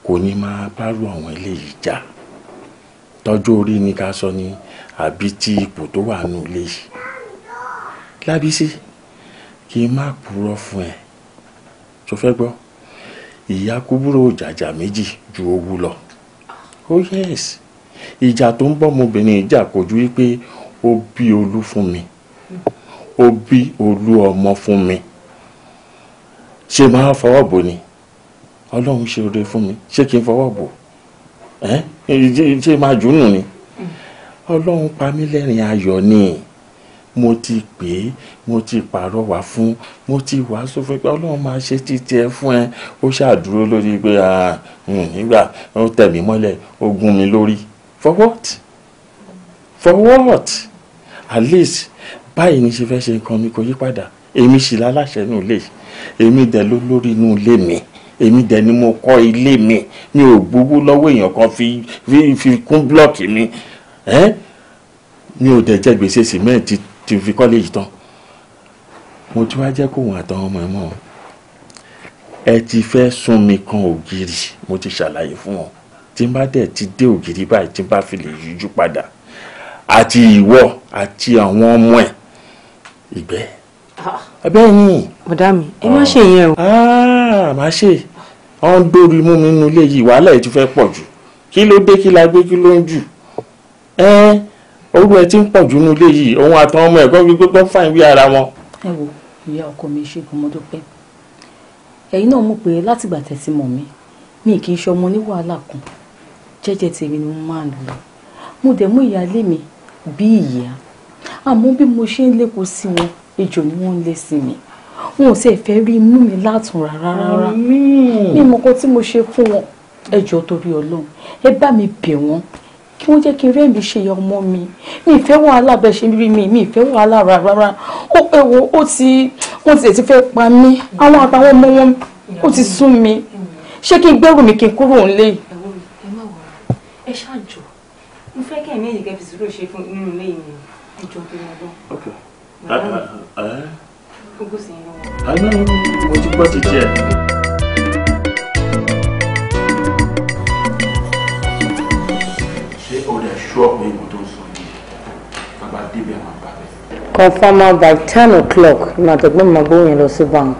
kò ní máa bárò àwọn eléyìí jà tọ́jú orí ni ká sọ ni àbí tí ipò tó wà nù lè yìí lábísí kí n má purọ́ fún ẹ tó fẹ́ gbọ́ ìyá kúbúrò jàjà méjì ju owú lọ oh yes ìjà tó ń bọ́ ọmọbìnrin ìjà kojú wípé ó bí olú fún mi ó bí olú ọmọ fún mi ṣé máa fọwọ́ bò ni ọlọ́run ṣe oore fún mi ṣé kí n fọwọ́ bò ṣé máa jù nù ni ọlọ́run pa mí lẹ́rìn ayọ̀ ni mo ti pè é mo ti pàrọwà fún mo ti wàásù fún pé ọlọ́run máa ṣe títí ẹ fún ẹ ó ṣàdúró lórí pé nígbà ó tẹ̀ mọ́lẹ̀ ó gún mi lórí for what for what at least báyìí ni ṣe fẹ́ ṣe nǹkan mi kò yí padà èmi sì láláṣẹ inú ilé èmi dẹ̀ ló lórí inú ilé mi èmi dẹ̀ ni mo kọ́ ilé mi mi ò gbowó lọ́wọ́ èèyàn kan fi fi kún blọ́ọ̀kì mi mi ò dẹ̀ jẹ gbèsè sìmẹ́ǹtì tí fi kọ́lẹ́jì tán mo ti wá jẹ́ kóhun àtàwọn ọmọ ẹ̀ mọ́ ẹ ti fẹ́ sún mi kan ògiri mo ti ṣàlàyé fún wọn tí n bá dẹ̀ ti dé ògiri báyìí tí n bá fi lè yíjú padà àti ìwọ àti àwọn ọmọ ẹ̀ ìgbẹ́ ah. abẹ́ yìí. bọ̀dá mi ẹ má ah. ṣe yẹn o. Ah, má ṣe ọ̀n dórí mú mi nínú ilé yìí wàhálà ẹ̀ ti fẹ́ pọ̀ jù kí ló dé kí la gbé kí ló ń jù ẹ orú ẹ ti ń pọ̀ jù nínú ilé yìí òun àtàwọn ọmọ ẹ̀ kọ́ gbígbé kọ́ fáìn bí ara wọn. ẹ wo ìyá ọkọ mi ṣe kò mọ tó pẹ́ ẹ̀yin náà mọ̀ pé látìgbà tẹ̀sí mọ̀ mi mi kì í ṣọmọ ní wàhálà kan jẹ́jẹ́ tèmi ni mo máa ń lò mo dẹ̀ mú ìyáálé mi bí ìyá àmọ́ bí mo ṣe ń lépo sí wọn ejò ni wọ́n ń lé sí mi wọn ò sì fẹ́ rí inú mi látùn rárá rárá ní ìmọ̀kọ tí mo ṣe fún wọn ẹ jọ̀ọ́ torí ọlọ́run ẹ bá mi bẹ̀ wọ́n kí wọ́n jẹ́ kí n rẹ́mi ṣe ọmọ mi mi ìfẹ́ wàhálà bẹ́ẹ̀ ṣe rí mi mi ìfẹ́ wàhálà rárá ó pẹ́ wo ó ti wọ́n ti ti fẹ́ pa mí àwọn àtàwọn ọmọ wọn ó ti sún mi ṣé kí n gbẹ́rù mi kí n kúrò nílé yìí ṣàjọ mo fẹ́ kẹ́ ẹ̀mí ìyẹ̀kẹ́ fi ṣe fún nínú ilé yìí ẹjọ́ bí lọ. gbogbo sì ń lọ. àná mo ti gbọ́ ti tiẹ̀. ṣé o lè ṣú ọ̀pọ̀ ìmọ̀ tó ń sọ yìí bàbá débi àwọn àbábẹ́. confirmer by ten o'clock ní àtẹ̀gbọ́n mi máa gbóyìn lọ sí bank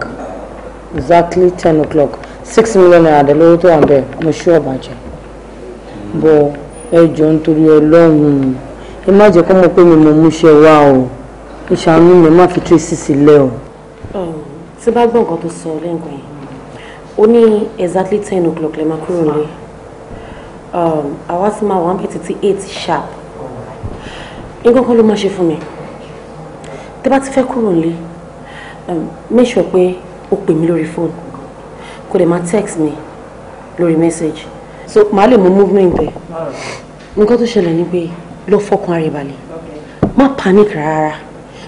exactly ten o'clock six million naira dẹ̀ lórí tó wà ń bẹ̀ mo ṣú ọ̀bàjẹ́ bọ̀ ẹ jọ̀ọ́ nítorí ọlọ́run ẹ má jẹ́ kó mọ̀ pé mi mo múṣẹ́ wá o ìṣàánú mi má fi Tracy sílẹ̀ o. tí bá gbọ́ nǹkan tó sọ lẹ́ǹkan yìí ó ní exactly ten o'clock lè máa kúrò nílé àwa sì máa wà ń bẹ̀ títí eight sharp nǹkan kan ló máa ṣe fún mi tí bá ti fẹ́ kúrò nílé um, make sure pé o pè mí lórí fóònù kó dẹ̀ máa text mi lórí message so màá lè mú movement bẹ́ẹ̀ nǹkan tó ṣẹlẹ̀ ni pé lọ fọkàn ara balẹ̀ má panic rárá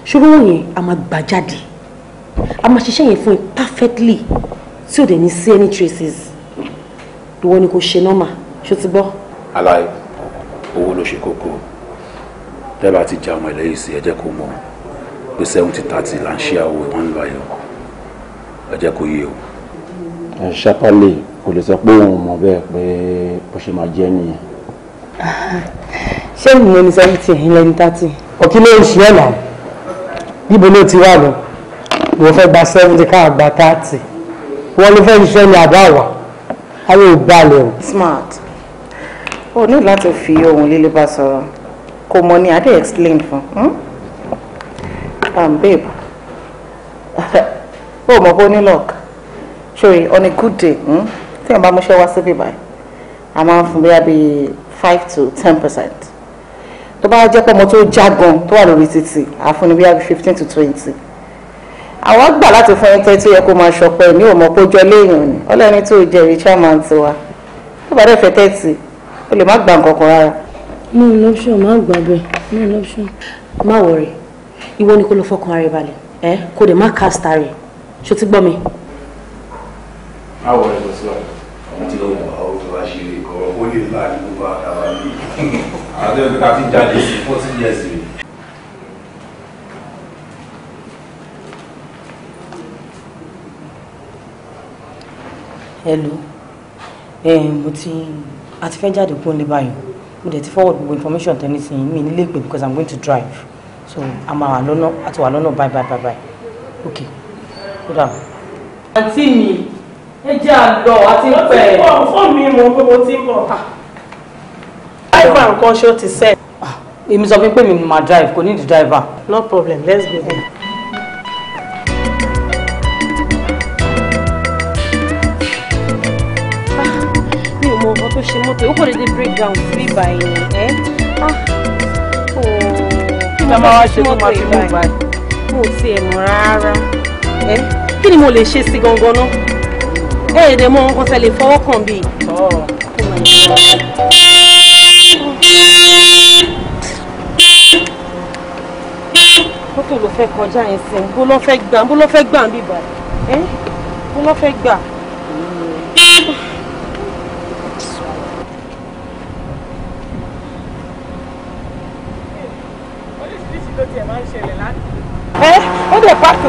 ṣòro wọn a máa gbà jáde a máa ṣiṣẹ́ yẹn fún ẹ perfectly tí ò dẹ̀ ní sí any traces ìwọ ni kò ṣe nọ́mà ṣó ti gbọ́. aláì owó ló ṣe kókó tẹ́lá ti já ọmọ ẹlẹ́yìí sí ẹ jẹ́ kó mọ̀ pé seventy thirty là ń ṣe àwọn ìwọ̀n ńlá yìí ẹ jẹ́ kó yé o. ẹ ṣàpàlẹ́ kò lè sọ pé òun mọ̀ bẹ́ẹ̀ pé bó ṣe máa jẹ́ nìyẹn. ṣé ìyẹn ní seventy ẹ̀yìn lẹ́ni thirty. òkè ló ń ṣe ẹ̀ náà níbo ló ti wà lọ wọ́n fẹ́ gba seventy káà gba thirty wọ́n ló fẹ́ ṣiṣẹ́ ní àbáwá ayé ìbalẹ̀ o. smart o ní láti fi ohun líle bá sọ̀rọ̀ kò mọ ni adé explain fún un hmm? um, babe o mọ̀ pé ó ní luck sorry on a good day. Hmm? tí wọn bá mú iṣẹ́ wá síbí báyìí a máa ń fún bí i five to ten percent tó bá jẹ́ pé ọmọ tó jágan tó wà lórí títì a fún ní bí i fifteen to twenty àwọn gbà láti fún ẹni tẹ́tí yẹ kó máa ṣọpẹ́ ní òmò kó jọ léèyàn ni ọlọ́ni tó jẹ́ rí chairman tiwa tó bá dẹ̀ fẹ́ tẹ́tí o lè má gbà nǹkan kan rárá. mi ò lọ́pṣọ̀ má gbà bẹ́ẹ̀ mi ò option. má wọ̀rẹ̀ ìwọ ni kó lọ fọkàn ara balẹ̀ ẹ kó dẹ̀ má kásítà rẹ̀ ṣó ti gbọ́ mi. má wọ̀rẹ̀ lọ sí ọ̀rẹ́ mo ti lọ wà tó bá ṣe lè kọ́ ó lè àdúgbò bá àtàwà ní àwọn tó ká ti jáde sí fourteen years rẹ̀. hello eh, mo ti a ti fẹ́ jáde kúrò ní báyìí mo dẹ̀ ti forward gbogbo information tẹ́ni sí mi nílé ìpè because i'm going to drive so a máa wà lọ́nà a ti wà lọ́nà bye bye bye bye okay kódà. àǹtí mi ẹ jẹ́ àlọ́ àti pẹ́. fóònù mi mọ̀ pé mo ti ń bọ̀. Ah. driver nǹkan ṣó ti sẹ́. Ah, èmi sọ fún pé mi ni drive kò ní di driver. no problem let's go then. Ah, mi ò mọ ọkọ tó ṣe mọ́tò ó kò dédé break down fún ìgbà yẹn ẹ́ oh, kí ni mo ṣe tó máa yẹn. mo ò tiẹ̀ mọ̀ rárá kí ni mo lè ṣe sí gangan náà ẹ ẹdẹ on nǹkan tẹ lè fọwọ́ kàn bí. mọ́tò ló fẹ́ kọjá yẹn sí bó ló fẹ́ gbà bó ló fẹ́ gbà ń bíbá ẹ bó ló fẹ́ gbà.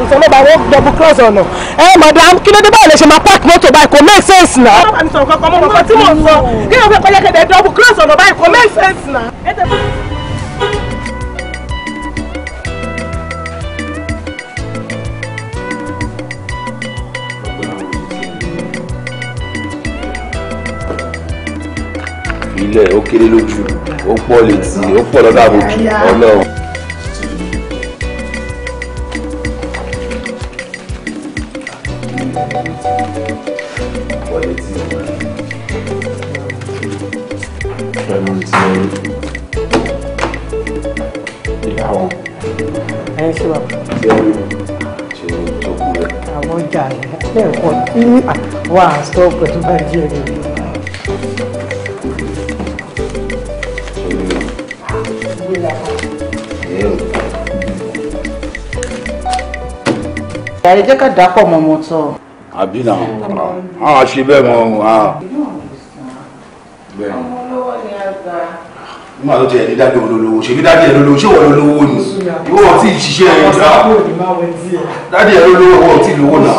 kò sọ lọ́ba wọ́n double cross ọ̀nà. ẹ madam kí ló dé báyìí lè ṣe máa park mọ́tò báyìí kò make sense na. ọlọ́run àmì sọ̀rọ̀ kankan mọ́ nǹkan tí mò ń sọ kí ló fẹ́ kọjá kẹ̀dẹ̀ double cross ọ̀nà báyìí kò make sense na. ilé ó kéré lójú ó pọ̀ létí ó pọ̀ lọ́dà bójú ọlọ́run. Wow, stop pẹ̀lú bàjẹ́ rẹ̀. Ìyàrá jẹ́ ká dápọ̀ mọ́ ọmọ tọ́. Àbí náà, àwọn àṣe bẹ́ẹ̀ mọ́ ohun. Bẹ́ẹ̀ ni. Nígbà tó tiẹ̀ ní dájú olólówó, ṣe ní dájú ẹ̀ lólówó, ṣé wọ́n lólówó ni? Ìwọ́n ti ṣiṣẹ́ ẹ̀ dá. Dájú ẹ̀ lólówó, wọ́n ti lówó náà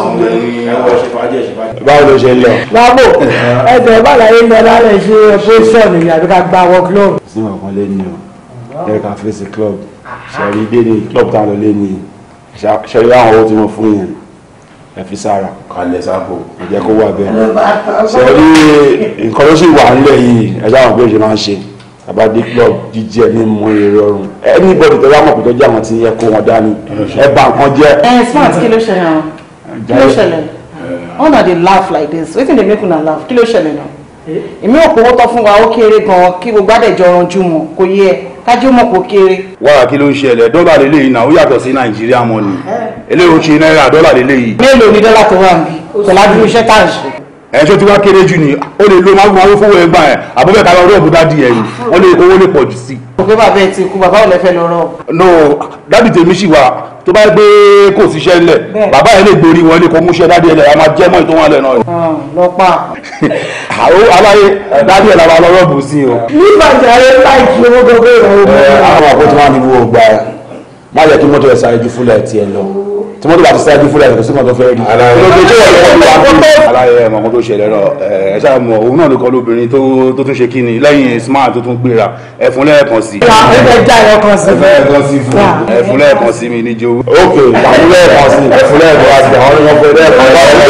báwo ló ṣe lọ. báwo ẹsẹ̀ bàlàyé ń lọ lálẹ́ ṣe operation ni àbí ká gba wọ club. sí ọ̀kan lé ní o ẹ fèsì club ṣẹ̀rí dé ní club tá a lọ lé ní ṣẹ̀rí àwọn owó tí mo fún yẹn ẹ fi sára. kalẹ̀ sáàpọ̀. ẹ kó wà bẹ́ẹ̀. ṣẹ̀rí nǹkan ló sì wà nílẹ̀ yìí ẹ sáwọn bí o ṣe máa ń ṣe àbádé club jíjẹ ní mọ èrè ọrùn anybody tó bá mọ̀ pé tó jẹ́ àwọn tí ẹ kó wọn dání ẹ bà nǹkan jẹ́. ẹ smart kí ló ṣẹlẹ̀ àwọn kí ló ṣẹlẹ̀ una dey laugh like this wetin dey make una laugh kí ló ṣẹlẹ̀ náà èmi ò kówó tán fún wa ó kéré gan kí gbogbo àdẹjọ ranjú mọ kò yẹ kájú mọ kò kéré. wàá kí ló ń ṣẹlẹ̀ dọ́là lélẹ̀ yìí náà ó yàtọ̀ sí nàìjíríà mọ́ ni eléyìí ó ṣe náírà dọ́là lélẹ̀ yìí. mélòó ni dọ́là tó wà níbi pẹ̀lú adúlú iṣẹ́ tá à ń ṣe ẹ̀ṣọ́ tí wá kéré jù ní ó lè lo mágùn owó fowó ẹgbà ẹ̀ àbúbẹ̀ ká lọ rọ́ọ̀bù dádì ẹ̀ ni wọ́n lè owó lè pọ̀ jù sí. òkè bàbá ẹ ti kú bàbá ò lẹ́fẹ̀ẹ́ lọ rọ. no dádì tèmi sì wà tó bá gbé kò síṣẹ́ ńlẹ̀ bàbá ẹ lè gborí wọn lè kó múṣẹ́ dádì ẹ̀ lẹ́yìn a máa jẹ́ mọ́ ìtọ́wọ́n alẹ́ náà. Ah, lọ́pà. àwọn aláyé dádì ẹ̀ làwọn ọlọ́rọ̀bù sí o. nígbà tí ayé láì tí mo tó bá ti sáájú fúlẹ̀ kò sí kan tó fẹ́ rí. aláyẹ ẹ̀mọ̀ kan tó ṣẹlẹ̀ rọ ẹ̀ ṣáà mọ̀ òun náà ló kọ́ lóbìnrin tó tún ṣe kí ni lẹ́yìn smart tó tún gbéra ẹ̀fún lẹ́ẹ̀kan sí. ẹ̀fún lẹ́ẹ̀kan sí mi ní jowó. ok ẹ̀fún lẹ́ẹ̀kan sí ẹ̀fún lẹ́ẹ̀kan sí àwọn ọmọ ọmọ lẹ́ẹ̀kan sí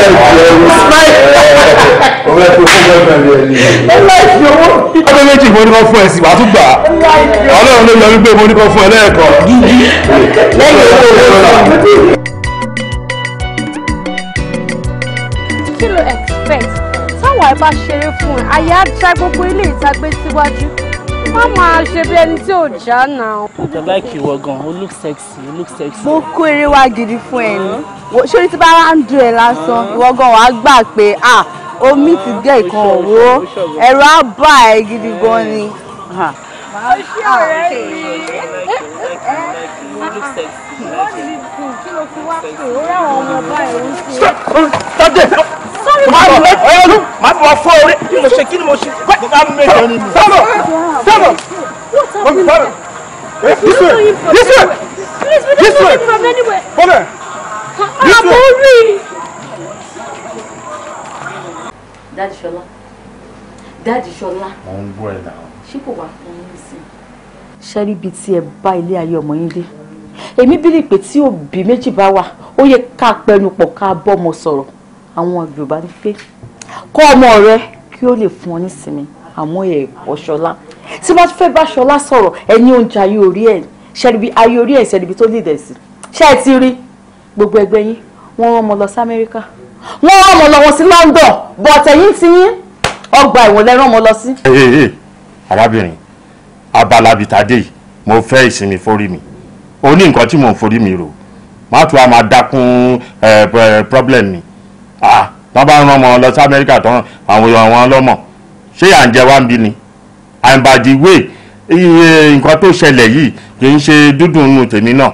ọmọ ọdún méjì mo ní kọ́ fún ẹ sí wàá tún gbà ọlọ́run ló yọ wípé mo ní kọ́ fún ẹ lẹ́ẹ̀kan. kí ló expect táwọn ẹ bá ṣeré fún ẹ àyà já gbogbo ilé ìtagbé síwájú má máa ṣe bí ẹni tí ò já náà. I like you gan o look sexy o look sexy. mo kó eré wá gidi fún ẹ ni mm-hmm. ṣé tí bá wá ń dun ẹ lásán mm-hmm. ìwọ gan wàá gbà pé ah omi ti gé ìkan òwò ẹ̀rọ á ẹ gidi gan ni. ó ṣe ọ̀rẹ́ mi tó ti wá pè ó ráwọn ọmọ ọba ẹ̀rú sí i. sọ́dẹ̀ sọ́dẹ̀ máa bọ̀ ọ̀rẹ́ ọdún máa bọ̀ fọ́ orí kí mo ṣe kí ni mo ṣe kí máa mú mẹ́jọ ni mi. sọ́dọ̀ sọ́dọ̀ mọ̀mí sọ́dọ̀ this way this way this way bọ́lẹ̀ this way. dáàdì ṣọlá dáàdì ṣọlá. mo ń gbọ́ ẹ̀ náà. ṣé kò wá fún yín sí. ṣẹ́rí bíi tí ẹ bá ilé ayé ọmọ yín dé èmi bílí pé tí òbí méjì bá wà ó yẹ ká pẹnupọ̀ ká bọ́mọ sọ̀rọ̀ àwọn Yorùbá ní pé kọ́ ọmọ rẹ kí ó lè fún ọ nísinmi àmọ́ ẹ̀ ẹ̀kọ́ ṣọlá tí wọ́n fẹ́ bá ṣọlá sọ̀rọ̀ ẹni oúnjẹ ayé orí ẹ̀ ṣẹ́ribi ayé orí ẹ̀ ṣẹ́ribi tó lè dẹ̀sí ṣé ẹ ti rí gbogbo ẹgbẹ́ yín wọ́n rán ọmọ lọ sí Amẹ́ríkà wọ́n rán ọmọ lọ wọn sí London bọ̀tẹ̀yìn ti yín ọgbà ẹ̀wọ̀n lẹ́rán ọmọ lọ sí. arábìnrin abala bìtádé mo fẹ́ ìsinmi fórí mi o ní nǹkan tí mò ń forí mi rò má tún a máa dákun problem mi ah wọ́n bá rán ọmọ lọ sí amẹ́ríkà tán àwọn èèyàn wọn lọ́mọ ṣé à ń jẹ wá ń bí ni and by way nǹkan tó ṣẹlẹ̀ yìí kì í ṣe dúdùn nù tèmi náà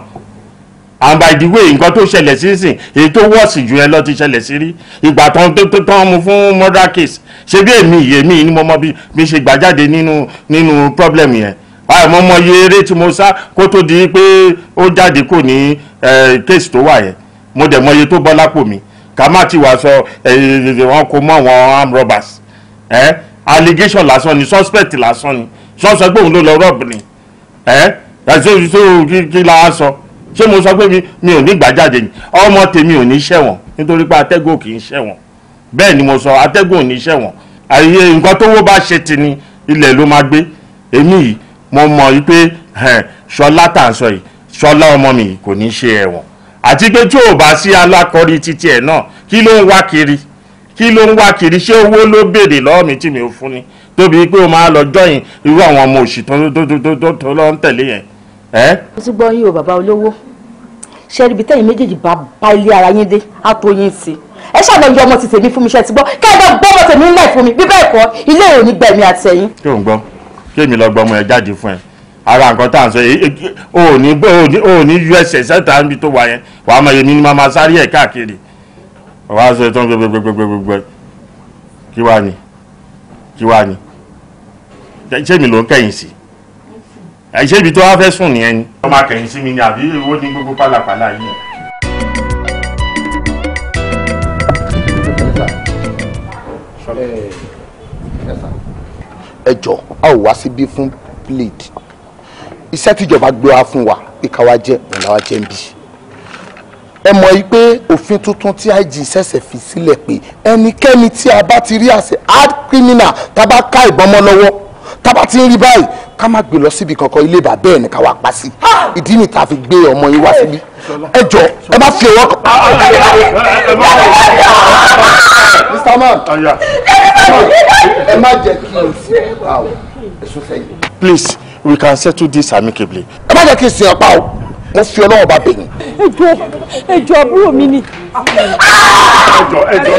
and by way nǹkan tó ṣẹlẹ̀ sísìn èyí tó wọ́ọ̀sì jù ẹ lọ ti ṣẹlẹ̀ sí rí ìgbà tán tó tán mu fún murder case ṣé bí èmi èmi ni mo mọ bí mi ṣe gbà nínú nínú problem yẹn àìmọ́ mọ iye eré tí mo sá kó tó di pé ó jáde kò ní kéèsì tó wà yẹn mo dẹ̀ mọ iye tó bọ́ lápò mi ká má ti wá sọ wọn kò mọ àwọn arm robbers eh? allegation lásán ni suspect lásán ni sọ́sọ́ pé òun ló lọ rọ́ọ̀bù ni ẹ́ ẹ̀sọ́ tó kí la sọ ṣé mo sọ pé mi ò ní gbàjáde ni ọmọ tèmi ò ní ṣẹ̀wọ̀n nítorí pé atẹ́gùn kì í ṣẹ̀wọ̀n bẹ́ẹ̀ ni mo sọ atẹ́gùn ò ní ṣẹ̀wọ̀n àyè nǹkan tó wó bá ṣe ti ni ilẹ̀ ló máa gbé èmi yìí mo mọ̀ wípé ṣọlá tà ń sọ yìí ṣọlá ọmọ mi kò ní ṣe ẹ̀wọ̀n àti pé tí ò bá sí alákọ̀rí títí ẹ̀ náà kí ló ń wá kiri kí ló ń wá kiri ṣé owó ló béèrè lọ́wọ́ mi tí mi ò fún ni tóbi pé o máa lọ jọyìn irú àwọn ọmọ òṣì tó lọ ń tẹ̀lé yẹn. mo ti gbọ́ yín o bàbá olówó ṣe ibi tẹ́yìn méjèèjì bá bá ilé ara yín dé á tó yín sí ẹ ṣàlọ yọ ọmọ ti tèmi fún mi ṣe ti gbọ́ kẹ́ ẹ bá gbọ́ ọmọ tèmi ńlẹ̀ fún mi bí bẹ́ẹ̀ kọ́ ilé ò ní gbẹ̀mí àtẹ̀yìn. kí o gbọ́ kémi lọ gbọmọ ẹ jáde fún ẹ ara nǹkan tá à ń sọ yìí o ò ní o ò ní yú ẹsẹ̀ sẹ́ta níbi tó wà yẹn wà á máa yẹ ní máa máa sáré ẹ̀ káàkiri wà á sọ ẹ tán gbẹgbẹgbẹgbẹgbẹ kí wàá ni kí wàá ni ṣé mi ló ń kẹ́yìn sí ẹ ṣé ibi tó wá fẹ́ sùn nìyẹn ni. wọ́n máa kẹ́yìn sí mi ni àbí owó ní gbogbo pálapàla yìí. ẹ ẹ ẹjọ́ a ò wá síbí fún bleed iṣẹ́ tíjọba gbé wá fún wa pé ká wá jẹ́ òun làwa jẹ́ ń bí ẹ mọ̀ yìí pé òfin tuntun tí IG ṣẹ̀ṣẹ̀ fi sílẹ̀ pé ẹnikẹ́ni tí a bá ti rí àṣẹ hard criminal tá a bá ká ìbọn mọ́ lọ́wọ́ tá a bá ti ń rí báyìí ká má gbé lọ síbi kankan ilé bàbá ẹ̀ ní ká wá pa sí ìdí ni tá a fi gbé ọmọ yín wá síbí ẹ jọ ẹ má fi ọwọ́ kan. Man ẹ má jẹ́ kí n sí ọ̀pá o Please, we can settle this amicably. ẹ má jẹ́ kí n sí ọ̀pá o mo fi ọlọ́wọ́ bá bẹ̀yìn. ẹjọ ẹjọ àbúrò mi ni. ẹjọ ẹjọ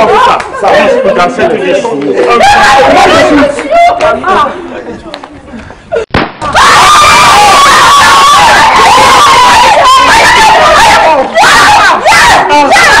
Officer, sir, we can settle this. Officer, Yeah!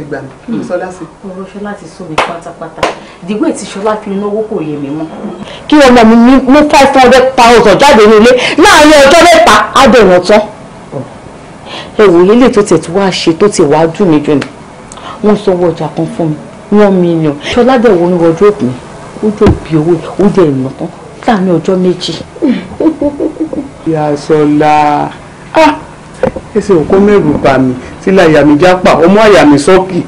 ẹ gbà mí kí ni Ṣọlá ṣe. ọ̀rọ̀ Ṣọlá ti sún mi pátápátá dìgbò tí Ṣọlá fi náwó kò yé mi mọ́. kí ọmọ mi mú five hundred thousand jáde nílé láàárín ọjọ́ mẹ́ta á bẹ̀rẹ̀ tán. ẹ wò lélẹ̀ tó tẹ̀ tí wàá ṣe tó tẹ̀ wàá dùn mí jù ni wọ́n sanwó ọjà kan fún mi one million Ṣọlá dẹ̀ wọnú wardrobe mi ó dẹ̀ bí owó ó dẹ̀ nà tán láàárín ọjọ́ méjì. ìyá Ṣọlá ah ẹsẹ̀ òkú mẹ́rù bà mí sílẹ̀ àyà mi jápa ọmọ àyà mi sọ́ọ̀kì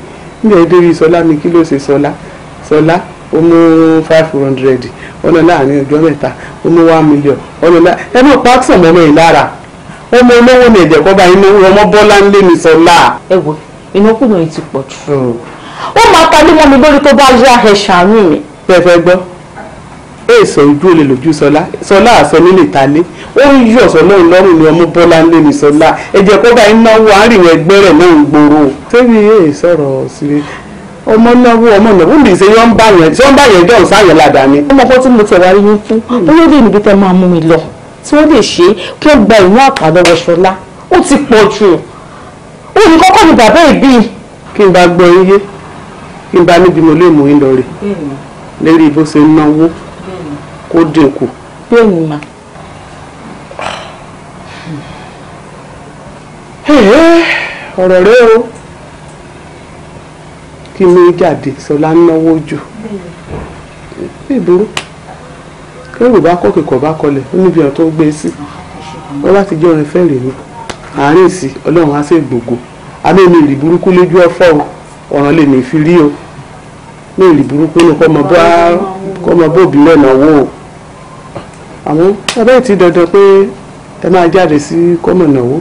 níbi ẹ̀ dérí sọlá mi kí ló ṣe sọlá sọlá ó mú five hundred ọ̀nà láàrin ọjọ́ mẹ́ta ó mú one million ọ̀nà láàrin ẹ náà pàṣẹ mọ́mọ́ yìí lára ọmọ olówó ni ẹ̀jẹ̀ kọ́ bá inú ọmọ bọ́lá ń lé mi sọlá. ẹ wo ìnákùnà yìí ti pọ̀ jù hmm. ó máa ta lé mọ́ mi lórí tó bá yá ẹ̀ ṣàánú mi. bẹ́ẹ̀ fẹ́ gbọ́ èso ojú olè lójú sọlá sọlá àsọ nílé talé ó ń yọ sọlá ìlọrin ni ọmọ bọlá ńlẹ ní sọlá ẹjẹ kó bá iná wọ àárín ẹgbẹ́ rẹ̀ náà ń gbòòrò. sẹ́mi èè sọ̀rọ̀ sí ọmọ náwó ọmọ náwó ń bì ṣe yọ ń bá yẹn ṣé ń bá yẹn dọ̀rùn sáyẹn ládàá ni. ọmọ kan tí mo tẹ̀ wá rí yín fún hmm. bóyá lè níbi tẹ́ máa mú mi lọ tí wọ́n lè ṣe kí wọ́n gba ìwọ̀n àpàlọ́wọ́ sọlá ó ti pọ̀ jù ó ní kọ́kọ́ ni bàbá ìbí. kí n bá gbọ́ iye kí n bá níbi mo lè mú yín lọ rè hmm. lérí bó ṣe náwó kó dínkù. bẹ́ẹ̀ ni mà. ọ̀rọ̀ rẹ o kí ni jáde sọlá ń náwó jù ìbúrú kéwù bá kọ́ kíkọ̀ bá kọlẹ̀ ó níbi ọ̀tún gbé sí wọ́n bá ti jẹ́ orin fẹ́ẹ̀rẹ̀ ni àárín sí ọlọ́run á sì gbogbo abẹ́ mi ìrì burúkú lójú ọ̀fọ̀ o ọ̀ràn lè mi fi rí o ní ìrì burúkú ni kọ́ mọ bó òbí rẹ̀ náà wò ó àmọ́ abẹ́ ti dandan pé ẹ máa jáde sí kọ́mọ̀nàwó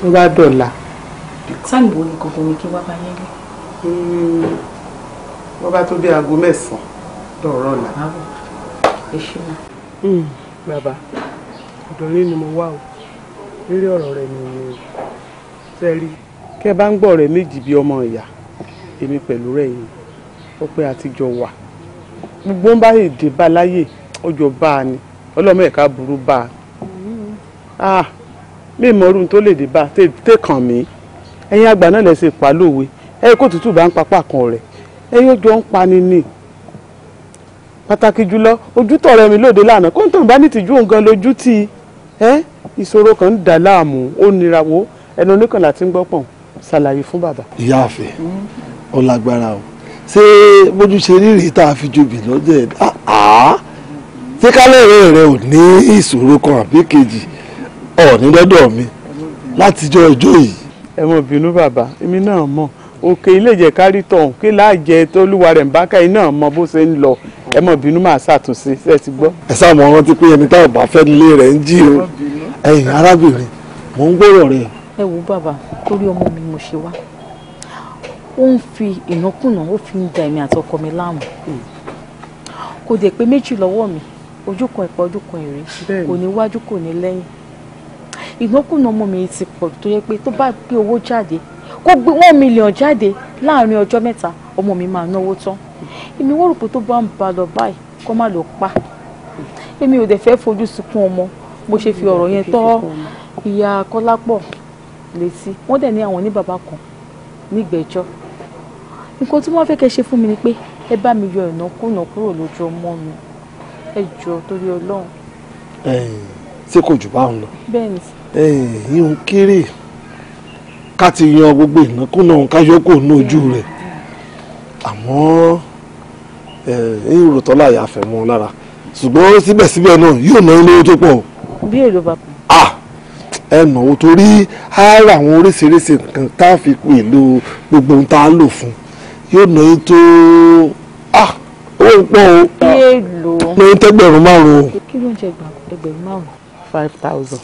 tó bá dọ̀la. sáàmì wo ni kòkó ni kí wá bá yẹ lé. wọ́n bá tó bí aago mẹ́sàn-án dọ̀rọ̀ là. Hmm, bàbá ìdọ̀rí ni mo wá o lórí ọ̀rọ̀ rẹ̀ ni mo fẹ́ rí. kẹ́ ẹ bá ń gbọ́ rẹ̀ méjì bíi ọmọ ìyá èmi pẹ̀lú rẹ̀ yìí ó pé a ti jọ wà gbogbo ń bá èdè bá láyè ọjọ bá a ni ọlọmọ ẹka burú bá a ah mi mọ orun tó lè dé bá a tẹ kàn mí ẹ̀yin àgbà náà lẹsẹ pa lówe ẹ kó tútù bá ń papá kan rẹ ẹ yóò jọ ń pani ni pàtàkì jùlọ ojútọ̀ rẹ mi lóde lánàá kó n tàn bá ní tìjú òun gan lójú tì ẹ ìṣòro kan ń dà láàmú ó nira wo ẹnu oníkan láti ń gbọ́pọ̀n ṣàlàyé fún bàbá. ìyáàfẹ́ ọlágbára o ṣé bójú ṣe rí rèé tá a fi jobi lọ́jọ́ ẹ̀ ah, ah, tí kálẹ̀rẹ́ rẹ ò ní ìṣòro kan àbí kejì ọ̀ọ́ni lọ́dọ̀ mi látijọ́ ọjọ́ yìí. ẹ mọ̀ bínú bàbá èmi náà mọ̀ òkè ilé ìjẹ kárí tọ̀hún kí láàjẹ tólúwa rẹ̀ ń bá káyìí náà mọ bó ṣe ń lọ ẹ mọ̀ bínú máa ṣàtúnṣe ṣe ti gbọ́. ẹ sáàmù ọ̀rán ti pé ẹni táwọn bá fẹ́ lé rẹ̀ ń jí o ẹ̀yin arábìnrin mò ń gbọ́rọ̀ rẹ̀. ẹ wo bàbá torí ọmọ mi mo ṣe wá ó ń fi ìnákùná ó fi ń da èmi àtọkọ mi láàmú kò dé pé méjì lọ́wọ́ mi ojú kan ẹ̀pọ̀ ojú kan èrè kò ní wájú kò ní lẹ́yìn ìnákùná ọmọ mi ti pọ̀ tó yẹ pé tó bá gbé owó jáde kó gbé one million jáde láàrin ọjọ́ mẹ́ta ọmọ mi máa náwó tán èmi wọ́n rò pé tó bá ń ba lọ báyìí kó má lọ pa èmi ò dẹ̀ fẹ́ fojú sunkún ọmọ mo ṣe fi ọ̀rọ̀ yẹn tọ́ ìyá Kọ́lápọ̀ létí wọ́n dẹ̀ ní àwọn ní kan nígbẹ́jọ́ nǹkan tí wọ́n fẹ́ kẹ́ ṣe fún mi ni pé ẹ bá mi yọ ìnákùná kúrò lójú ọmọ mi ẹ jọ torí Ọlọ́run. ṣé kò jù báwọn lọ. bẹ́ẹ̀ni. ìhun kéré ká ti yan gbogbo ìnákúnà káyọkò ní ojú rẹ̀ àmọ́ ìròtọ́ láyà fẹ̀mọ́ lára ṣùgbọ́n síbẹ̀síbẹ̀ náà yóò ná lówó tó pọ̀. bí èrò bá kù. ẹ nàwó torí á ra àwọn oríṣiríṣi nǹkan tá a fi pè lo gbogbo ohun tá a lò fún yóò ná tó owó pọ̀ o. bí èrò ní tẹ́gbẹ̀rún márùn-ún. kí ló ń jẹ ẹgbẹ̀rún márùn five thousand.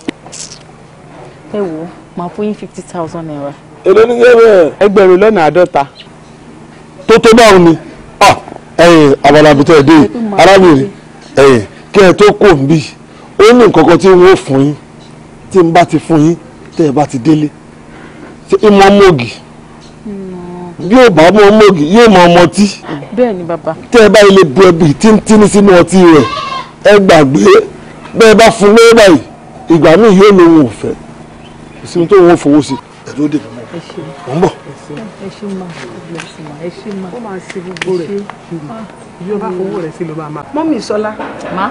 ẹ wo màá fún yín fifty thousand naira. èló ní gẹ́gẹ́ ẹgbẹ̀rún lọ́nà àádọ́ta. tó tó báwo ni ẹ̀yin abalabitẹ dé arábìnrin ẹ̀yin kí ẹ tó kò ń ó ní fún yín tí n bá ti fún yín ẹ bá ti délé ṣé ìmọ̀ mọ́gì. yóò bá mọ ọmọge yóò mọ ọmọ tí. bẹ́ẹ̀ ni bàbá. tẹ́ ẹ bá ilé bu ẹbí tíntínní sínú ọtí rẹ̀ ẹ gbàgbé bẹ́ẹ̀ bá fún lóyún báyìí ìgbà míì yóò lòun ò fẹ́ ìsinmi tó wọ́n fowó sí ẹ̀ tó dé mọ́ ń bọ̀. ẹ ṣe máa ẹ ṣe máa ó máa ṣe gbogbo rẹ̀ yóò bá fowó rẹ̀ sí ló bá máa. mọ́mí sọlá má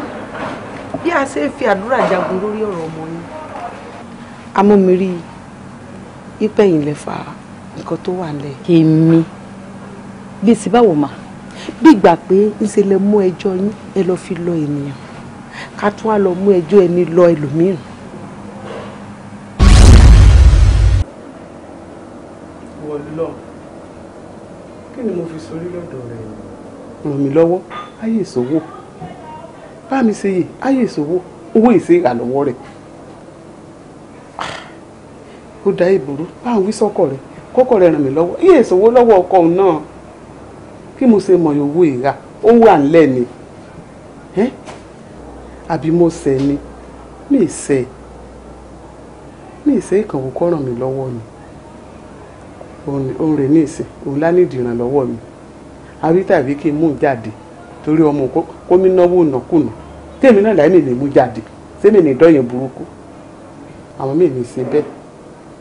bí a ṣe ń fi àdúrà jagun lórí ọ̀rọ̀ ọmọ yín amómirí yípẹ̀yìn lẹ́fà á nǹkan tó wà lẹ̀. èmi bíi ti báwo mà. bí ìgbà pé ńṣe lè mú ẹjọ́ yín ẹ lọ́ọ́ fi lọ ènìyàn ká tó wá lọ mú ẹjọ́ ẹni lọ ẹlòmíràn. wọlọ kí ni mo fi sórí lọ́dọ̀ rẹ̀ ràn mí lọ́wọ́ ayé ìṣòwò bá mi ṣe yè ayé ìṣòwò owó ìṣe ìrànlọ́wọ́ rẹ̀ ah, ó dá ìbòrò báwo wí sọ́kọ̀ rẹ̀ kọ́kọ́ rẹ̀ ràn mí lọ́wọ́ iye ìsanwó lọ́wọ́ ọkọ òun náà kí mo ṣe mọ̀ owó ìra ó wà ńlẹ̀ ni àbí mo ṣẹ̀ ni mi ṣẹ̀ mi ṣẹ̀ ìkànwó kọ́ ràn mí lọ́wọ́ ni òun rè ní ìsìn òun lánìdì ìrànlọ́wọ́ mi àbí tàbí kí n mú jáde torí ọmọ kómínáwó nàkùnà tèmi náà láì mi lè mú jáde sẹ́mi ní ìdọ́yìn burúkú àwọn mi ní í bẹ́ẹ̀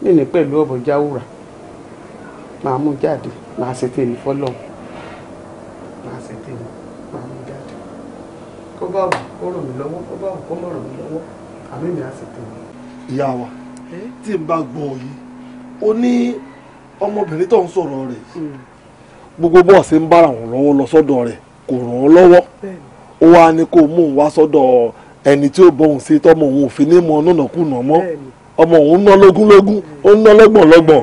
mi ní pẹ̀lú ọ̀bọ̀jáwùrà máa mú jáde máa ṣe tèmi fọlọ́n máa ṣe tèmi máa mú jáde kó bá wù kó ràn mí lọ́wọ́ kó bá wù kó ràn mí mi á ṣe tèmi. ìyá wa tí n bá gbọ́ yìí ní ọmọbìnrin tó ń sọ̀rọ̀ hmm. gbogbo bó ń bára lọ sọ́dọ̀ rẹ̀ kò ràn án lọ́wọ́ ó ní kó mú un wá sọ́dọ̀ ẹni tí ó bọ̀hùn sí òun òfin ní mọ ọmọ òun ń ná lógúnlógún ó ń ná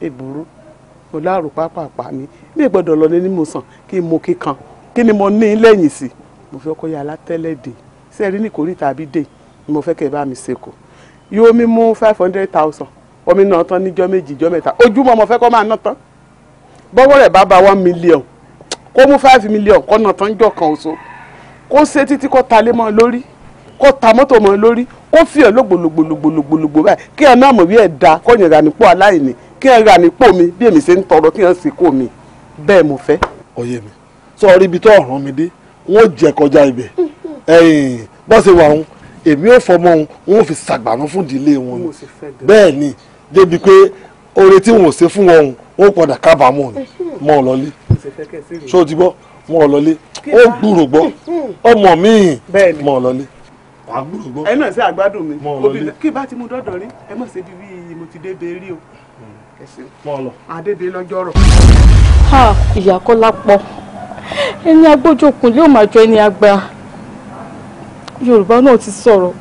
èbúrú mo láàrò pápápá mi mi gbọ́dọ̀ lọ ní mo sàn kí mo kíkan kí ni mo ní lẹ́yìn sí mo fẹ́ kọ́ yàrá tẹ́lẹ̀ dé sẹ́ẹ̀rí ní kòríta àbí dé ni mo fẹ́ kẹ́ ẹ bá mi ṣe kù yóò mi mú five hundred thousand omi náà tán níjọ́ méjì ìjọ́ mẹ́ta ojúmọ́ mo fẹ́ kọ́ máa ná tán bọ́wọ́ rẹ̀ bá ba one million kó mú five million kó ná tán jọ kan oṣù kó ṣe títí kó ta lé mọ́ lórí kó ta mọ́tò mọ́ lórí kó fi hàn lógbòlógbòlógbòlógbò báyìí kí ẹ náà mọ̀ bí ẹ̀ da kó yẹn ra nípò aláìní kí ẹ rà nípò mi bí èmi ṣe ń tọrọ kí ẹ sì kó mi bẹ́ẹ̀ mo fẹ́. ọyẹ mi sọrí ibi tó ọ̀ràn mi dé wọn ò jẹ kọjá ibẹ̀ ẹ̀yìn bọ́sẹ̀ wà ń èmi ò fọmọ òun wọn ò fi ṣàgbàná fún ìdílé wọn bẹ́ẹ̀ ni débi pé oore tí wọn ò ṣe fún wọn wọn ò padà kábàámọ̀ ni mọ́ ọ lọ́lé ṣó o ti gbọ́ mọ́ ọ lọ́lé ó gbúrò gbọ́ hmm. ọmọ mi-ín mọ́ ọ lọ́lé àgbúrò gbọ́ ẹ náà ṣe àgbádùn mi kí bá ti mú dọ́dọ̀ rí ẹ mọ̀ ṣe bíbí mo ti dé bẹ́ẹ̀ o ẹ̀sìn àdédé lọ́jọ́ rọ̀. ìyá kọ́lá pọ̀ ẹni agbójókun ló máa jọ ẹni àgbà yorùbá náà ti sọ̀rọ̀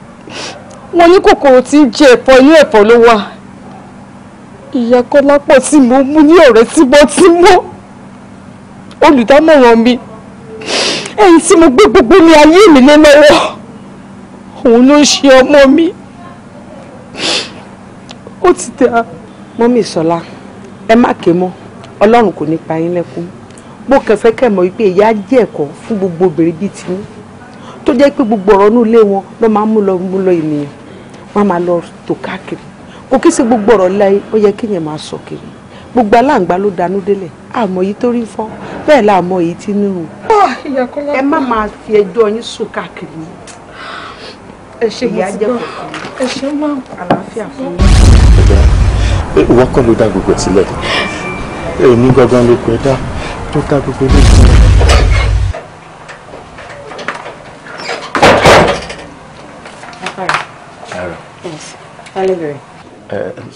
wọn ní kòkòrò tí ń jẹ ẹ̀fọ́ inú ẹ̀fọ́ ló wà ìyá kọ́lá pọ̀ tí mo mú ní ọ̀rẹ́ tímọ́tímọ́ olùdámọ̀ràn mi ẹni tí mo gbé gbogbo ní ayé mi lé lọ́wọ́ òun ló ń ṣe ọmọ mi ó ti dáa mọ́mí sọlá ẹ má ké mọ́ ọlọ́run kò ní pa yín lẹ́kún mo kàn fẹ́ kẹ́ mọ̀ wípé ìyá jẹ́ ẹ̀kọ́ fún gbogbo obìnrin bíi ti yín tó jẹ́ pé gbogbo ọ̀rọ̀ inú ilé wọn ló máa ń mú lọ mú lọ ènìyàn wọ́n máa lọ tò káàkiri kò kí sí gbogbo ọ̀rọ̀ láyé ó yẹ kéèyàn máa sọ kiri gbogbo aláǹgbá ló danú délẹ̀ àmọ́ èyí tó rí fọ́ bẹ́ẹ̀ la àmọ́ èyí tí nírun. Ah, ẹ má máa fi ẹjọ́ yín sùn káàkiri ẹ ṣe ìyá jẹ́ kọ̀ọ̀kan ẹ ṣe máa àlàáfíà fún yín ìwọ kọ́ ló dá gbogbo sílẹ̀ èmi gangan ló pẹ́ dá tó dá gbogbo ilé sílẹ̀.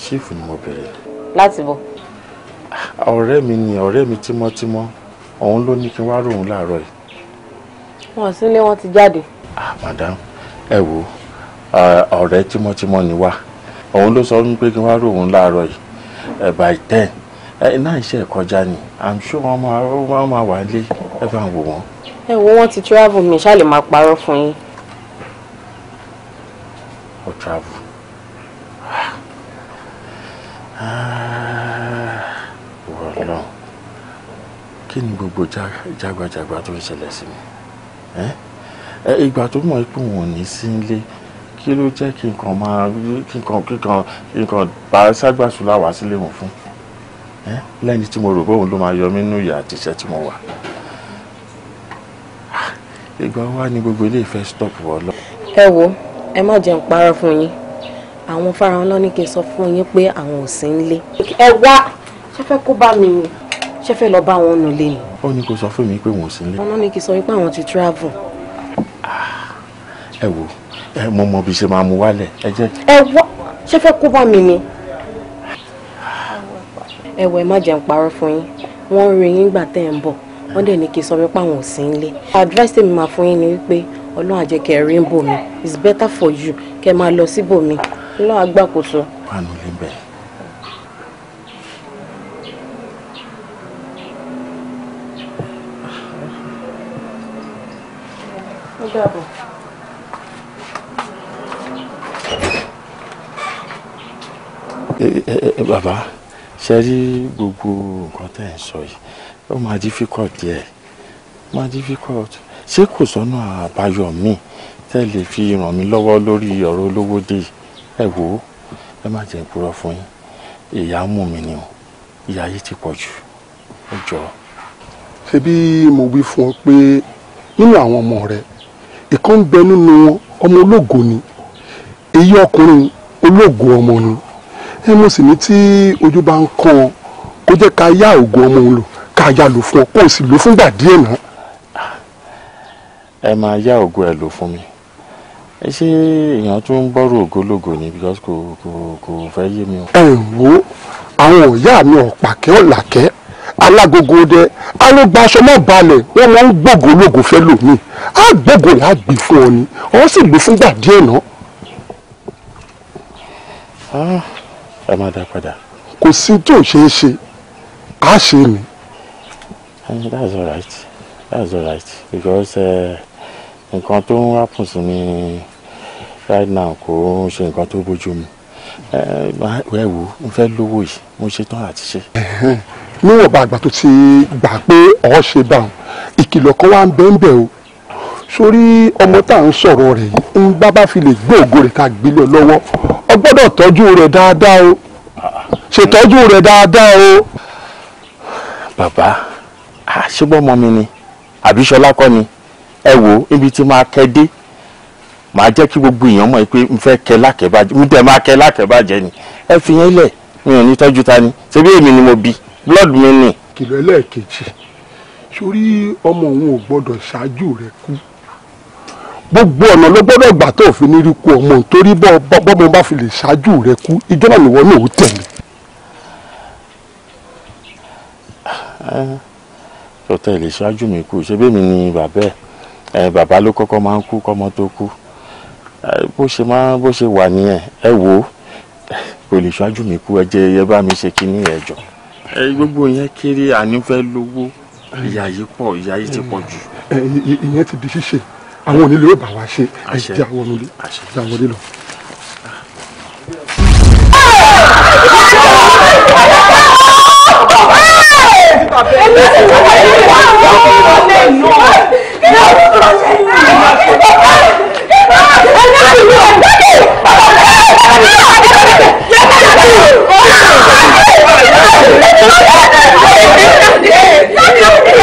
ṣífù ni mo bèrè. láti bọ̀. ọ̀rẹ́ mi ni ọ̀rẹ́ mi tímọ́tímọ́ òun ló ní kí n wá ròhun láàárọ̀ yìí. wọn sílé wọn ti jáde. ah madam ẹ wo ọ̀rẹ́ tímọ́tímọ́ ni wá òun ló sọ wípé kí wọ́n rò òun láàárọ̀ yìí eh, by ten eh, náà iṣẹ́ ìkọjá ni i'm sure wọ́n máa wọ́n máa wà lé ẹ bá ń wò wọ́n. ẹ wo wọn ti travel mi ṣáà lè máa parọ́ fún yín. ó travel. Ah, wọ́n lọ kí ni gbogbo jágbajàgba tó ń ṣẹlẹ̀ sí mi eh? ìgbà tó mọ̀ pé òun ò ní sí ilé kí ló jẹ́ kí n kàn máa kí n kàn kí n kàn kí n kàn bá ságbàsúlà wá sílé wọn fún lẹ́yìn tí mo rò bóun ló máa yọ mí nínú ìyà àti tí mo wà ah, ìgbà wa ni gbogbo ilé ìfẹ́ stop wọ lọ. ẹ wo ẹ má jẹun parọ́ fún yín àwọn fáráhàn lọ ní kí n sọ fún yín pé àwọn ò sí nílé. ẹ wá ṣe fẹ́ kó bá mi ni ṣe fẹ́ lọ bá wọn nù lé ni. ó ní kó sọ fún mi pé wọn ò sí nílé. wọn ní kí n sọ pé àwọn ti travel. Ah, ẹ wo ẹ mo mọ bí ṣe máa mú wálẹ̀ ẹ jẹ́ kí. ẹ wá ṣé fẹ́ kó bá mi ni. ẹ wọ ẹ má jẹun parọ́ fún yín wọ́n ń rí yín gbà tẹ́ ẹ̀ ń bọ̀ wọ́n dẹ̀ ní kí n sọ wípé àwọn ò sí nílé. advice tèmi máa fún yín ni wípé ọlọ́run àjẹ́ kẹ́ ẹ rí ń bò mí it's better for you kẹ́ ẹ máa lọ síbò mí ọlọ́run àgbàkóso. pàánù lè bẹ̀rẹ̀. ó dàbọ̀. Baba, ṣe rí gbogbo nǹkan tẹ̀ ń sọ yìí ó máa difficult díẹ̀ máa difficult ṣé kò sọ́nà àbáyọ mi tẹ́ lè fi ràn mí lọ́wọ́ lórí ọ̀rọ̀ olówó dé ẹ wò ó ẹ má jẹ́ ìpurọ́ fún yín ìyá mú mi ni o ìyá yìí ti pọ̀ jù ó jọ. ṣebí mo wí fún ọ pé nínú àwọn ọmọ rẹ ìkan ń bẹ nínú wọn ọmọ ológo ni èyí ọkùnrin ológo ọmọ ni ẹ mọ̀ sí ní tí ojú bá ń kàn ọ́ kó jẹ́ ká yá oògùn ọmọ òun lò ká yá lò fún ọ kó o sì lò fúngbà díẹ̀ náà. ẹ máa yá oògùn ẹ lò fún mi ẹ ṣe èèyàn tó ń bọ́rọ̀ ògólógò ni because kò kò kò fẹ́ yé mi o. ẹ wo àwọn ìyá mi ọ̀pàkẹ́ ọ̀làkẹ́ alágogo dẹ alógbà aṣọ mọ́ balẹ̀ wọ́n máa ń gbògo ológo fẹ́ lòmíì á gbògo là á gbè fún ọ ni ọ sì lò fúngbà díẹ̀ náà. Ah ẹ máa dá padà. kò sí tó ṣeé ṣe á ṣe ni. that's all right that's all right because eh, nǹkan tó ń happen sí mi right now kò ń ṣe nǹkan tó bójú mu ẹ wò ó fẹ́ lówó yìí mo ṣe tán àti ṣe. níwọ̀nba àgbà tó ti gbà pé ọ̀ ṣe bá wọn ìkìlọ̀ kan wá ń bẹ́ẹ̀ bẹ́ẹ̀ o sórí ọmọ tá à ń sọ̀rọ̀ rẹ̀ yìí ń bá bá fi lè gbé ògo rẹ̀ ká gbélé lọ́wọ́ o gbọ́dọ̀ tọ́jú rẹ̀ dáadáa o ṣètọ́jú rẹ̀ dáadáa o. bàbá ṣùgbọ́n ọmọ mi ni àbí ṣọlá kọ́ ni ẹ wò ibi tí máa kẹ́ dé màá jẹ́ kí gbogbo èèyàn mọ̀ pé n fẹ́ kẹ́ lákẹ́bàjẹ́ n tẹ̀ máa kẹ́ lákẹ́bàjẹ́ ni ẹ fi yẹn lẹ̀ mi ò ní tọ́jú ta ni ṣebí èmi ni mo bí blood mi ni. kìlọ̀ ẹlẹ́ẹ̀kejì sórí ọmọ òun ò gbọ́dọ̀ ṣáájú rẹ̀ kú gbogbo ọ̀nà ló gbọ́dọ̀ gbà tó fi ní rí ku ọmọ nítorí bọ́mọ bá fi lè ṣáájú rẹ kú ìjọ náà nìwọ náà ó tẹ̀lé. tọ́tẹ́ lè ṣáájú mi kú ṣé bẹ́ẹ̀ mi ni bàbá ẹ̀ bàbá ló kọ́kọ́ máa ń kú kọ́mọ tó kú bó ṣe máa bó ṣe wà nìyẹn ẹ wò ó kò lè ṣáájú mi kú ẹ jẹ ẹ bá mi ṣe kínní ẹ jọ. gbogbo yẹn kéré àní fẹ́ lówó ìyà yìí pọ̀ ìyà yìí ti pọ̀ jù. ìyẹn ti di ṣíṣe àwọn onílé ó bá wa ṣe ẹjẹ àwọn onílé ẹjẹ àwọn onílé lọ. Yeah.